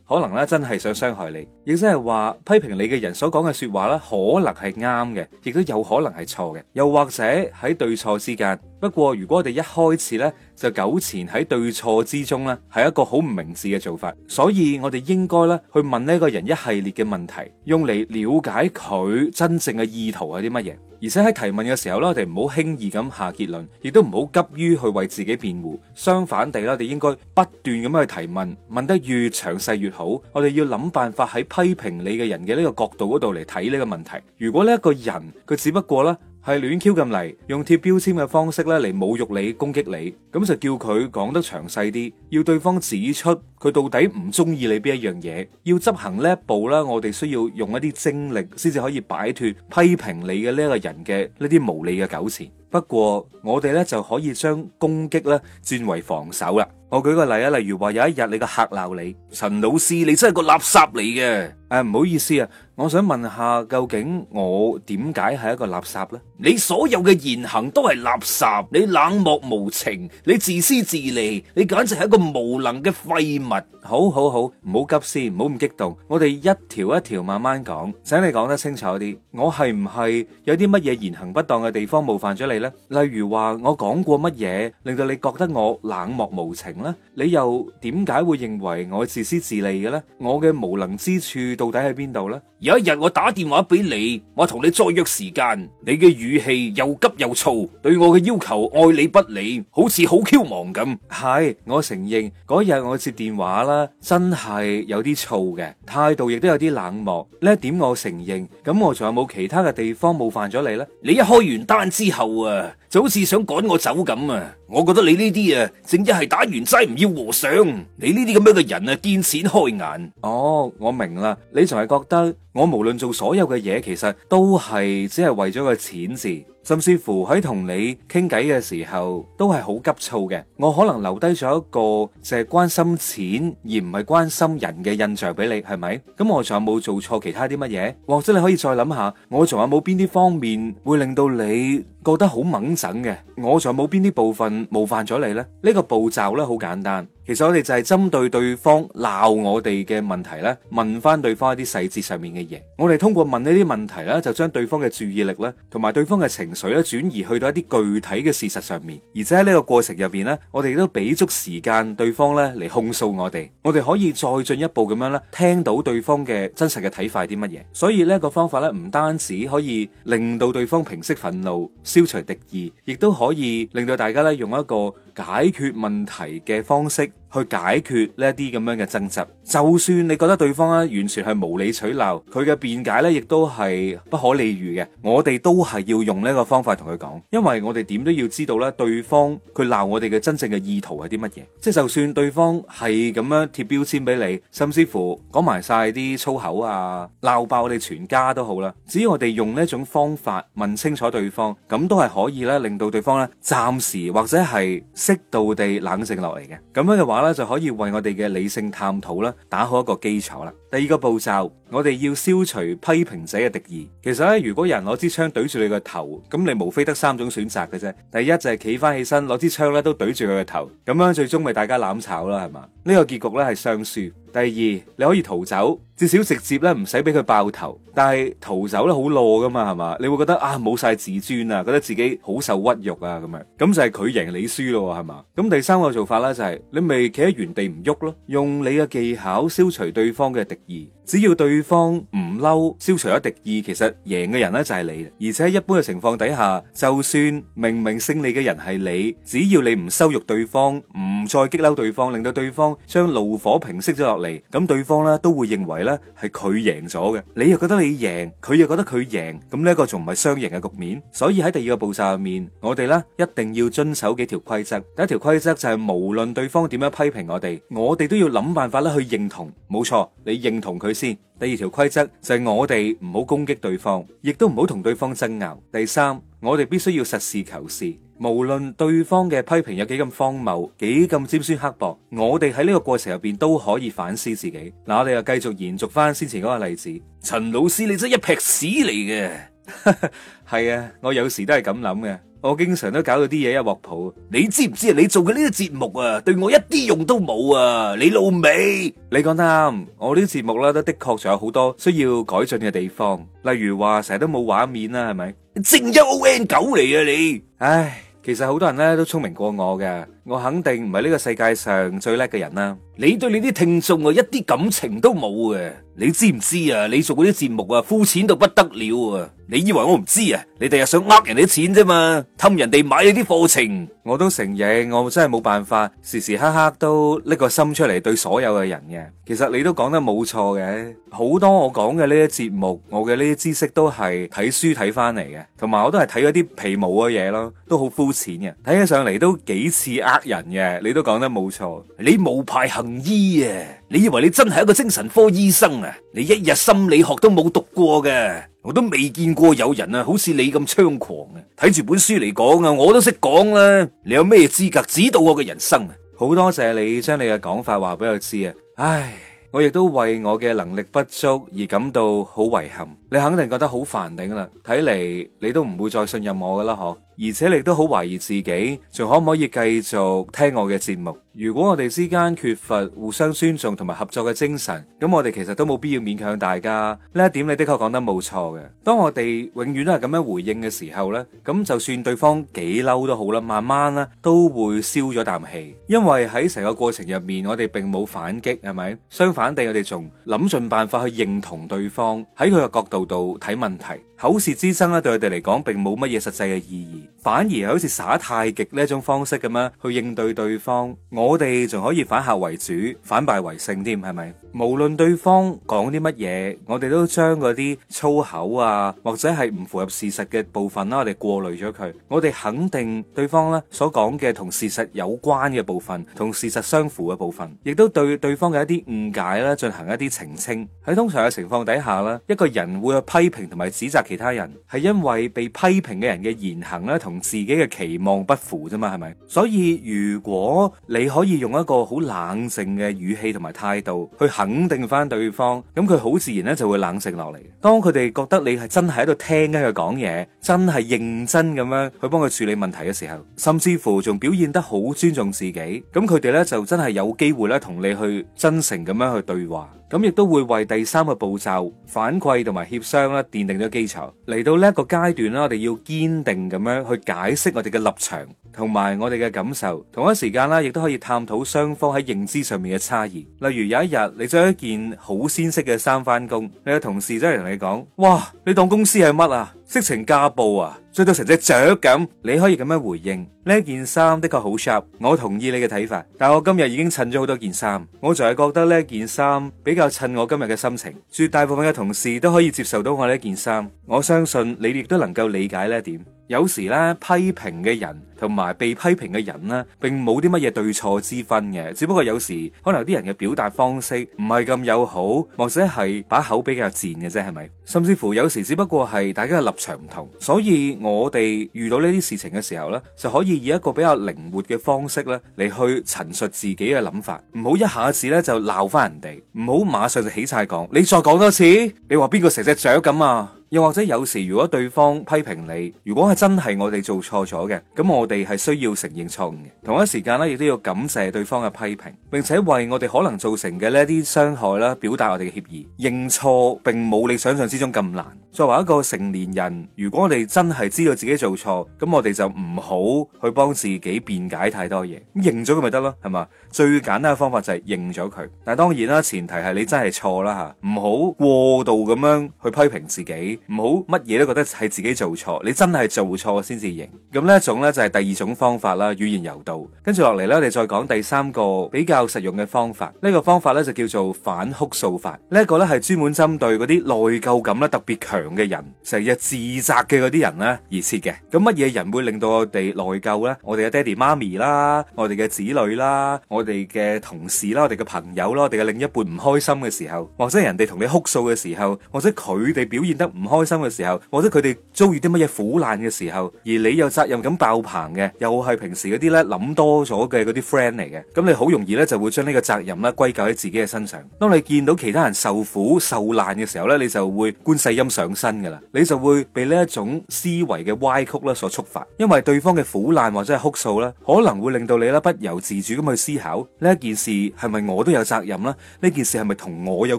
二可能咧真係想傷害你。亦即係話批評你嘅人所講嘅說話咧，可能係啱嘅，亦都有可能係錯嘅，又或者喺對錯之間。不過如果我哋一開始咧就糾纏喺對錯之中咧，係一個好唔明智嘅做法。所以我哋應該咧去問呢個人一系列嘅問題，用嚟了解佢真正嘅意圖係啲乜嘢。而且喺提問嘅時候咧，我哋唔好輕易咁下結論，亦都唔好急於去為自己辯護。相反地咧，我哋應該不斷咁樣去提問，問得越詳細越好。我哋要諗辦法喺。批評你嘅人嘅呢個角度嗰度嚟睇呢個問題，如果呢一個人佢只不過呢係亂 Q 咁嚟，用貼標籤嘅方式呢嚟侮辱你、攻擊你，咁就叫佢講得詳細啲，要對方指出，佢到底唔中意你邊一樣嘢？要執行呢一步啦，我哋需要用一啲精力，先至可以擺脫批評你嘅呢一個人嘅呢啲無理嘅糾纏。不過我哋咧就可以將攻擊咧轉為防守啦。我舉個例啊，例如話有一日你個客鬧你，陳老師你真係個垃圾嚟嘅。誒唔好意思啊，我想問下究竟我點解係一個垃圾咧？你所有嘅言行都係垃圾，你冷漠無情，你自私自利，你簡直係一個無能嘅廢物。物好好好，唔好急先，唔好咁激動。我哋一條一條慢慢講，請你講得清楚啲。我係唔係有啲乜嘢言行不當嘅地方冒犯咗你呢？例如話我講過乜嘢令到你覺得我冷漠無情呢？你又點解會認為我自私自利嘅呢？我嘅無能之處到底喺邊度呢？有一日我打電話俾你，我同你再約時間，你嘅語氣又急又躁，對我嘅要求愛理不理，好似好驕忙咁。係，我承認嗰日我接電話啦，真係有啲躁嘅，態度亦都有啲冷漠，呢一點我承認。咁我仲有冇其他嘅地方冒犯咗你呢？你一開完單之後啊，就好似想趕我走咁啊！我覺得你呢啲啊，正一係打完齋唔要，要和尚，你呢啲咁樣嘅人啊，見錢開眼。哦，oh, 我明啦，你仲係覺得我無論做所有嘅嘢，其實都係只係為咗個錢字，甚至乎喺同你傾偈嘅時候都係好急躁嘅。我可能留低咗一個淨係、是、關心錢而唔係關心人嘅印象俾你，係咪？咁我仲有冇做錯其他啲乜嘢？或者你可以再諗下，我仲有冇邊啲方面會令到你？覺得好猛整嘅？我仲有冇邊啲部分冒犯咗你呢？呢個步驟呢，好簡單，其實我哋就係針對對方鬧我哋嘅問題呢，問翻對方一啲細節上面嘅嘢。我哋通過問呢啲問題呢，就將對方嘅注意力呢同埋對方嘅情緒呢轉移去到一啲具體嘅事實上面。而且喺呢個過程入邊呢，我哋都俾足時間對方呢嚟控訴我哋。我哋可以再進一步咁樣呢，聽到對方嘅真實嘅睇法啲乜嘢。所以呢個方法呢，唔單止可以令到對方平息憤怒。消除敵意，亦都可以令到大家咧用一個解決問題嘅方式，去解決呢一啲咁樣嘅爭執，就算你覺得對方咧完全係無理取鬧，佢嘅辯解咧亦都係不可理喻嘅。我哋都係要用呢個方法同佢講，因為我哋點都要知道咧對方佢鬧我哋嘅真正嘅意圖係啲乜嘢。即係就算對方係咁樣貼標籤俾你，甚至乎講埋晒啲粗口啊，鬧爆我哋全家都好啦。只要我哋用呢一種方法問清楚對方，咁都係可以咧令到對方咧暫時或者係適度地冷靜落嚟嘅。咁樣嘅話，就可以為我哋嘅理性探討咧打好一個基礎啦。第二個步驟，我哋要消除批評者嘅敵意。其實咧，如果人攞支槍懟住你個頭，咁你無非得三種選擇嘅啫。第一就係企翻起身，攞支槍咧都懟住佢個頭，咁樣最終咪大家攬炒啦，係嘛？呢個結局咧係雙輸。第二，你可以逃走，至少直接咧唔使俾佢爆頭。但係逃走咧好懦噶嘛，係嘛？你會覺得啊冇晒自尊啊，覺得自己好受屈辱啊咁樣，咁就係佢贏你輸咯，係嘛？咁第三個做法咧就係、是、你咪企喺原地唔喐咯，用你嘅技巧消除對方嘅敵意。只要對方唔嬲，消除咗敵意，其實贏嘅人咧就係你。而且一般嘅情況底下，就算明明勝利嘅人係你，只要你唔羞辱對方，唔再激嬲對方，令到對方將怒火平息咗落嚟，咁對方咧都會認為咧係佢贏咗嘅。你又覺得你贏，佢又覺得佢贏，咁呢個仲唔係雙贏嘅局面？所以喺第二個步驟入面，我哋咧一定要遵守幾條規則。第一條規則就係無論對方點樣批評我哋，我哋都要諗辦法咧去認同。冇錯，你認同佢。第二條規則就係我哋唔好攻擊對方，亦都唔好同對方爭拗。第三，我哋必須要實事求是，無論對方嘅批評有幾咁荒謬、幾咁尖酸刻薄，我哋喺呢個過程入邊都可以反思自己。嗱，你又繼續延續翻先前嗰個例子，陳老師你真係一劈屎嚟嘅，係 啊，我有時都係咁諗嘅。我經常都搞到啲嘢一鑊泡，你知唔知你做嘅呢啲節目啊，對我一啲用都冇啊！你老味，你講得啱，我呢啲節目啦，都的確仲有好多需要改進嘅地方，例如話成日都冇畫面啦，係咪？正一 O N 九嚟啊你！唉，其實好多人咧都聰明過我嘅，我肯定唔係呢個世界上最叻嘅人啦。你對你啲聽眾啊，一啲感情都冇嘅，你知唔知啊？你做嗰啲節目啊，膚淺到不得了啊！你以為我唔知啊？你哋又想呃人哋錢啫嘛，氹人哋買你啲課程。我都承認，我真係冇辦法時時刻刻都搦個心出嚟對所有嘅人嘅。其實你都講得冇錯嘅，好多我講嘅呢啲節目，我嘅呢啲知識都係睇書睇翻嚟嘅，同埋我都係睇嗰啲皮毛嘅嘢咯，都好膚淺嘅，睇起上嚟都幾似呃人嘅。你都講得冇錯，你冇排行醫啊！你以為你真係一個精神科醫生啊？你一日心理學都冇讀過嘅，我都未見過有人啊，好似你咁猖狂嘅。睇住本書嚟講啊，我都識講啦。你有咩資格指導我嘅人生啊？好多謝你將你嘅講法話俾我知啊！唉，我亦都為我嘅能力不足而感到好遺憾。你肯定覺得好煩頂啦，睇嚟，你都唔會再信任我噶啦，嗬！而且你都好懷疑自己，仲可唔可以繼續聽我嘅節目？如果我哋之間缺乏互相尊重同埋合作嘅精神，咁我哋其實都冇必要勉強大家。呢一點你的確講得冇錯嘅。當我哋永遠都係咁樣回應嘅時候呢，咁就算對方幾嬲都好啦，慢慢啦都會消咗啖氣，因為喺成個過程入面，我哋並冇反擊，係咪？相反地，我哋仲諗盡辦法去認同對方喺佢嘅角度。度度睇問題，口舌之爭咧，對佢哋嚟講並冇乜嘢實際嘅意義，反而係好似耍太極呢一種方式咁樣去應對對方。我哋仲可以反客為主，反敗為勝添，係咪？無論對方講啲乜嘢，我哋都將嗰啲粗口啊，或者係唔符合事實嘅部分啦，我哋過濾咗佢。我哋肯定對方咧所講嘅同事實有關嘅部分，同事實相符嘅部分，亦都對對方嘅一啲誤解咧進行一啲澄清。喺通常嘅情況底下咧，一個人會。會批評同埋指責其他人，係因為被批評嘅人嘅言行咧，同自己嘅期望不符啫嘛，係咪？所以如果你可以用一個好冷靜嘅語氣同埋態度去肯定返對方，咁佢好自然咧就會冷靜落嚟。當佢哋覺得你係真係喺度聽緊佢講嘢，真係認真咁樣去幫佢處理問題嘅時候，甚至乎仲表現得好尊重自己，咁佢哋咧就真係有機會咧同你去真誠咁樣去對話，咁亦都會為第三個步驟反饋同埋協商啦，奠定咗基礎，嚟到呢一個階段啦，我哋要堅定咁樣去解釋我哋嘅立場，同埋我哋嘅感受，同一時間啦，亦都可以探討雙方喺認知上面嘅差異。例如有一日你着一件好鮮色嘅衫翻工，你嘅同事真係同你講：哇，你當公司係乜啊？色情家暴啊，衰到成隻雀咁，你可以咁樣回應。呢件衫的確好 sharp，我同意你嘅睇法，但我今日已經襯咗好多件衫，我就係覺得呢件衫比較襯我今日嘅心情。絕大部分嘅同事都可以接受到我呢件衫，我相信你亦都能夠理解呢一點。有時呢批評嘅人同埋被批評嘅人呢，並冇啲乜嘢對錯之分嘅，只不過有時可能啲人嘅表達方式唔係咁友好，或者係把口比較賤嘅啫，係咪？甚至乎有時只不過係大家嘅立場唔同，所以我哋遇到呢啲事情嘅時候呢，就可以以一個比較靈活嘅方式呢嚟去陳述自己嘅諗法，唔好一下子呢就鬧翻人哋，唔好馬上就起晒講，你再講多次，你話邊個成隻雀咁啊？又或者有時，如果對方批評你，如果係真係我哋做錯咗嘅，咁我哋係需要承認錯誤嘅。同一時間咧，亦都要感謝對方嘅批評，並且為我哋可能造成嘅呢啲傷害啦，表達我哋嘅歉意。認錯並冇你想象之中咁難。作為一個成年人，如果我哋真係知道自己做錯，咁我哋就唔好去幫自己辯解太多嘢。咁認咗佢咪得咯，係嘛？最簡單嘅方法就係認咗佢。但係當然啦，前提係你真係錯啦吓，唔好過度咁樣去批評自己。唔好乜嘢都覺得係自己做錯，你真係做錯先至認。咁呢一種咧就係第二種方法啦，語言柔道。跟住落嚟呢，我哋再講第三個比較實用嘅方法。呢個方法呢，就叫做反哭訴法。呢一個咧係專門針對嗰啲內疚感咧特別強嘅人，成日自責嘅嗰啲人呢，而設嘅。咁乜嘢人會令到我哋內疚呢？我哋嘅爹哋媽咪啦，我哋嘅子女啦，我哋嘅同事啦，我哋嘅朋友啦，我哋嘅另一半唔開心嘅時候，或者人哋同你哭訴嘅時候，或者佢哋表現得唔。開心嘅時候，或者佢哋遭遇啲乜嘢苦難嘅時候，而你有責任感爆棚嘅，又係平時嗰啲咧諗多咗嘅嗰啲 friend 嚟嘅，咁你好容易咧就會將呢個責任咧歸咎喺自己嘅身上。當你見到其他人受苦受難嘅時候咧，你就會觀世音上身噶啦，你就會被呢一種思維嘅歪曲咧所觸發。因為對方嘅苦難或者係哭訴咧，可能會令到你咧不由自主咁去思考呢一件事係咪我都有責任咧？呢件事係咪同我有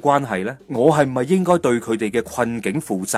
關係咧？我係咪應該對佢哋嘅困境負責？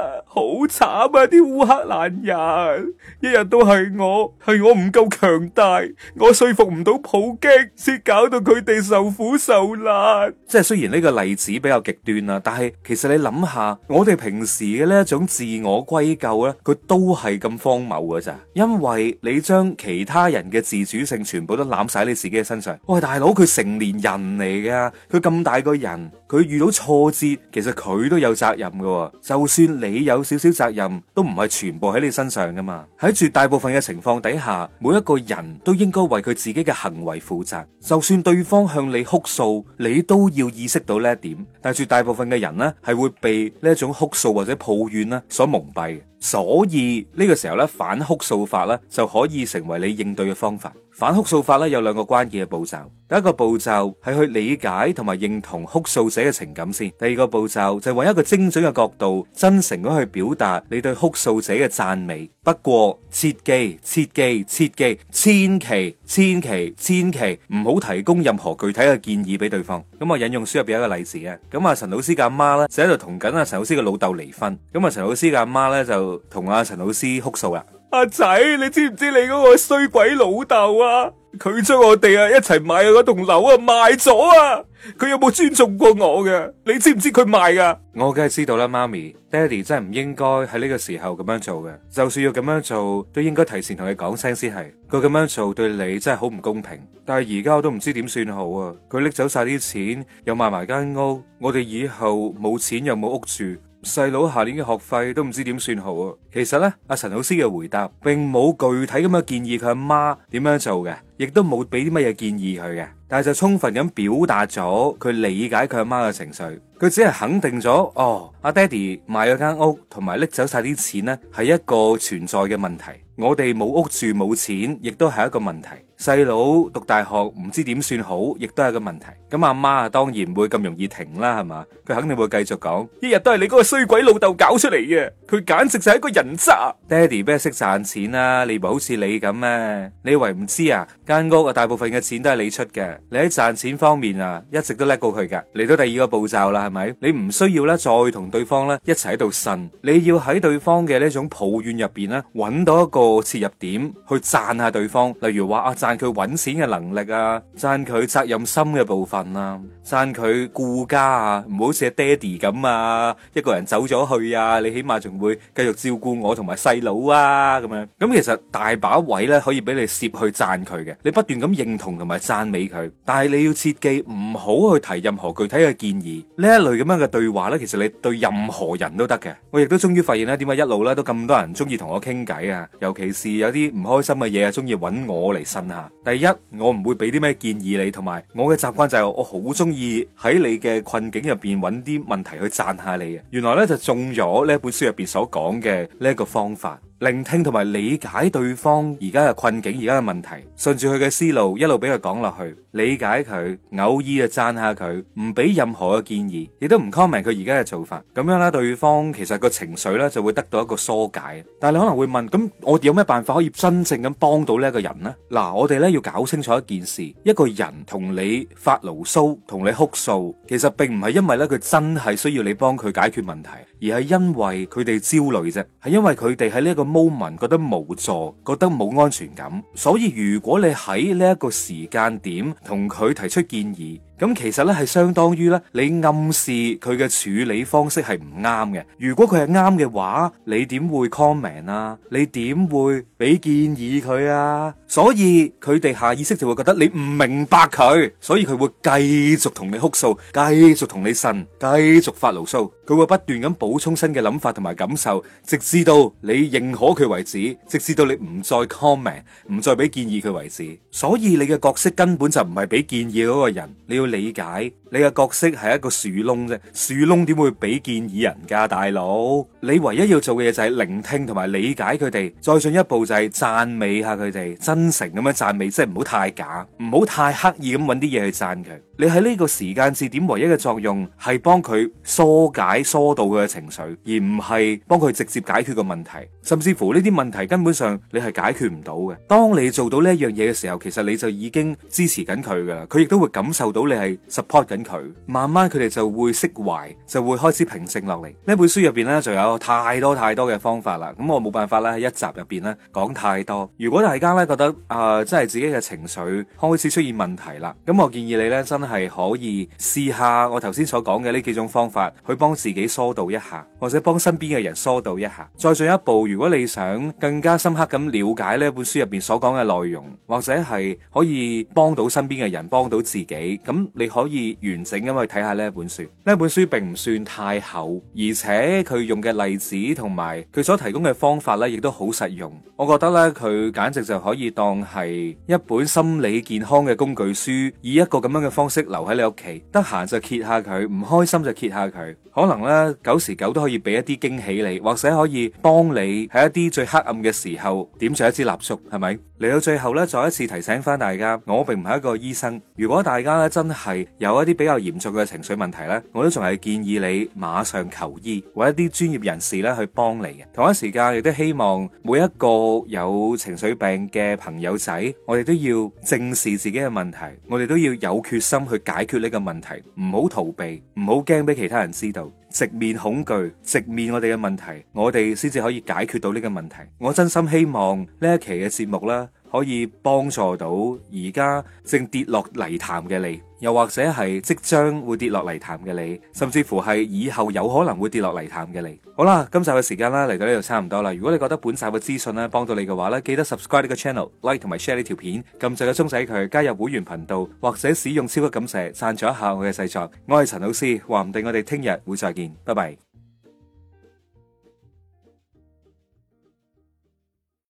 好慘啊！啲烏克蘭人一日都係我，係我唔夠強大，我說服唔到普京，先搞到佢哋受苦受難。即係雖然呢個例子比較極端啦，啊，但係其實你諗下，我哋平時嘅呢一種自我歸咎呢，佢都係咁荒謬噶咋？因為你將其他人嘅自主性全部都攬晒喺你自己嘅身上。喂，大佬，佢成年人嚟噶，佢咁大個人，佢遇到挫折，其實佢都有責任噶，啊。就算你有。有少少責任都唔係全部喺你身上噶嘛，喺絕大部分嘅情況底下，每一個人都應該為佢自己嘅行為負責。就算對方向你哭訴，你都要意識到呢一點。但係絕大部分嘅人呢，係會被呢種哭訴或者抱怨呢所蒙蔽，所以呢個時候咧，反哭訴法咧就可以成為你應對嘅方法。反哭訴法咧有兩個關鍵嘅步驟，第一個步驟係去理解同埋認同哭訴者嘅情感先，第二個步驟就係揾一個精準嘅角度，真誠咁去表達你對哭訴者嘅讚美。不過切記切記切記，千祈千祈千祈唔好提供任何具體嘅建議俾對方。咁、嗯、啊，引用書入邊一個例子、嗯、啊，咁、嗯、啊，陳老師嘅阿媽咧，就喺度同緊阿陳老師嘅老豆離婚。咁啊，陳老師嘅阿媽咧，就同阿陳老師哭訴啦。阿仔，你知唔知你嗰個衰鬼老豆啊？佢將我哋啊一齊買嗰棟樓啊賣咗啊！佢、啊啊、有冇尊重過我嘅？你知唔知佢賣噶？我梗係知道啦，媽咪，爹哋真係唔應該喺呢個時候咁樣做嘅。就算要咁樣做，都應該提前同你講聲先係。佢咁樣做對你真係好唔公平。但係而家我都唔知點算好啊！佢拎走晒啲錢，又賣埋間屋，我哋以後冇錢又冇屋住。細佬下年嘅學費都唔知點算好啊！其實呢，阿陳老師嘅回答並冇具體咁樣建議佢阿媽點樣做嘅，亦都冇俾啲乜嘢建議佢嘅，但係就充分咁表達咗佢理解佢阿媽嘅情緒。佢只係肯定咗，哦，阿、啊、爹哋賣咗間屋同埋拎走晒啲錢呢，係一個存在嘅問題。我哋冇屋住冇錢，亦都係一個問題。細佬讀大學唔知點算好，亦都係個問題。咁阿媽啊，當然唔會咁容易停啦，係嘛？佢肯定會繼續講，一日都係你嗰個衰鬼老豆搞出嚟嘅，佢簡直就係一個人渣。爹哋咩係識賺錢啦、啊？你唔好似你咁咩？你以為唔知啊？間屋啊，大部分嘅錢都係你出嘅。你喺賺錢方面啊，一直都叻過佢噶。嚟到第二個步驟啦，係咪？你唔需要咧，再同對方咧一齊喺度呻。你要喺對方嘅呢種抱怨入邊咧，搵到一個切入點去贊下對方，例如話啊贊。讚佢揾錢嘅能力啊，讚佢責任心嘅部分啊，讚佢顧家啊，唔好似爹哋咁啊，一個人走咗去啊，你起碼仲會繼續照顧我同埋細佬啊，咁樣咁其實大把位呢，可以俾你攝去讚佢嘅，你不斷咁認同同埋讚美佢，但係你要切記唔好去提任何具體嘅建議，呢一類咁樣嘅對話呢，其實你對任何人都得嘅。我亦都終於發現呢點解一路呢都咁多人中意同我傾偈啊，尤其是有啲唔開心嘅嘢啊，中意揾我嚟呻下。第一，我唔會俾啲咩建議你，同埋我嘅習慣就係我好中意喺你嘅困境入邊揾啲問題去讚下你嘅。原來呢，就中咗呢本書入邊所講嘅呢個方法。聆聽同埋理解對方而家嘅困境，而家嘅問題，順住佢嘅思路一路俾佢講落去，理解佢，偶爾啊讚下佢，唔俾任何嘅建議，亦都唔 comment 佢而家嘅做法，咁樣咧，對方其實個情緒咧就會得到一個疏解。但係你可能會問，咁我哋有咩辦法可以真正咁幫到呢一個人咧？嗱，我哋咧要搞清楚一件事，一個人同你發牢騷，同你哭訴，其實並唔係因為咧佢真係需要你幫佢解決問題，而係因為佢哋焦慮啫，係因為佢哋喺呢一個。Moment，覺得無助，覺得冇安全感，所以如果你喺呢一個時間點同佢提出建議。咁其實呢係相當於呢，你暗示佢嘅處理方式係唔啱嘅。如果佢係啱嘅話，你點會 comment 啊？你點會俾建議佢啊？所以佢哋下意識就會覺得你唔明白佢，所以佢會繼續同你哭訴，繼續同你呻，繼續發牢騷。佢會不斷咁補充新嘅諗法同埋感受，直至到你認可佢為止，直至到你唔再 comment，唔再俾建議佢為止。所以你嘅角色根本就唔係俾建議嗰個人，你要。理解。你嘅角色係一個樹窿啫，樹窿點會俾建議人噶，大佬？你唯一要做嘅嘢就係聆聽同埋理解佢哋，再進一步就係讚美下佢哋，真誠咁樣讚美，即係唔好太假，唔好太刻意咁搵啲嘢去讚佢。你喺呢個時間節點唯一嘅作用係幫佢疏解、疏導佢嘅情緒，而唔係幫佢直接解決個問題。甚至乎呢啲問題根本上你係解決唔到嘅。當你做到呢一樣嘢嘅時候，其實你就已經支持緊佢噶啦。佢亦都會感受到你係 support 緊。佢慢慢佢哋就會釋懷，就會開始平靜落嚟。呢本書入邊呢，就有太多太多嘅方法啦。咁我冇辦法啦喺一集入邊呢講太多。如果大家呢覺得啊、呃，真係自己嘅情緒開始出現問題啦，咁我建議你呢，真係可以試下我頭先所講嘅呢幾種方法，去幫自己疏導一下，或者幫身邊嘅人疏導一下。再進一步，如果你想更加深刻咁了解呢本書入邊所講嘅內容，或者係可以幫到身邊嘅人，幫到自己，咁你可以。完整咁去睇下呢一本書，呢一本書並唔算太厚，而且佢用嘅例子同埋佢所提供嘅方法咧，亦都好實用。我覺得咧，佢簡直就可以當係一本心理健康嘅工具書，以一個咁樣嘅方式留喺你屋企，得閒就揭下佢，唔開心就揭下佢，可能咧，久時久都可以俾一啲驚喜你，或者可以幫你喺一啲最黑暗嘅時候點着一支蠟燭，係咪？嚟到最後咧，再一次提醒翻大家，我並唔係一個醫生，如果大家咧真係有一啲。比較嚴重嘅情緒問題呢，我都仲係建議你馬上求醫，或者一啲專業人士咧去幫你嘅。同一時間亦都希望每一個有情緒病嘅朋友仔，我哋都要正視自己嘅問題，我哋都要有決心去解決呢個問題，唔好逃避，唔好驚俾其他人知道，直面恐懼，直面我哋嘅問題，我哋先至可以解決到呢個問題。我真心希望呢一期嘅節目啦，可以幫助到而家正跌落泥潭嘅你，又或者係即將會跌落泥潭嘅你，甚至乎係以後有可能會跌落泥潭嘅你。好啦，今集嘅時間啦，嚟到呢度差唔多啦。如果你覺得本集嘅資訊呢幫到你嘅話呢，記得 subscribe 呢個 channel，like 同埋 share 呢條片，撳著個鐘仔掣，加入會員頻道，或者使用超級感謝贊助一下我嘅製作。我係陳老 C，話唔定我哋聽日會再見，拜拜。